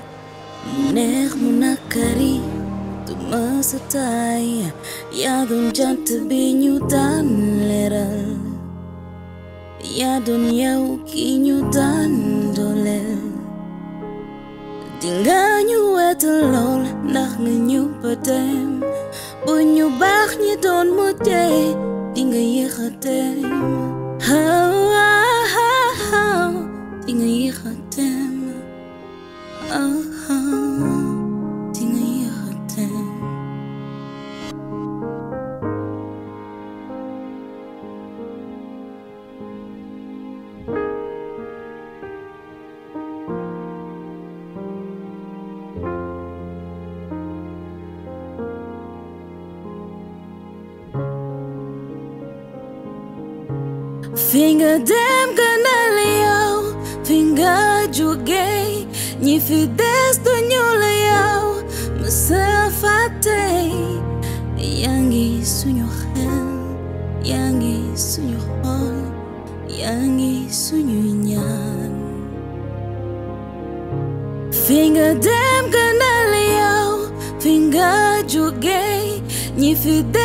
Nech munakari tu masatai ya don jant binyu dan ya don yau kinyu dan dole dinganyu etlol nach nyu patem bunyu bach ni don mutay dingay khatem ha Confidence dunyola yaw Masafate Yangi sunyo hen Yangi sunyo hol Yangi sunyo nyan Finger dem kanal yaw Finger jugay Nifidence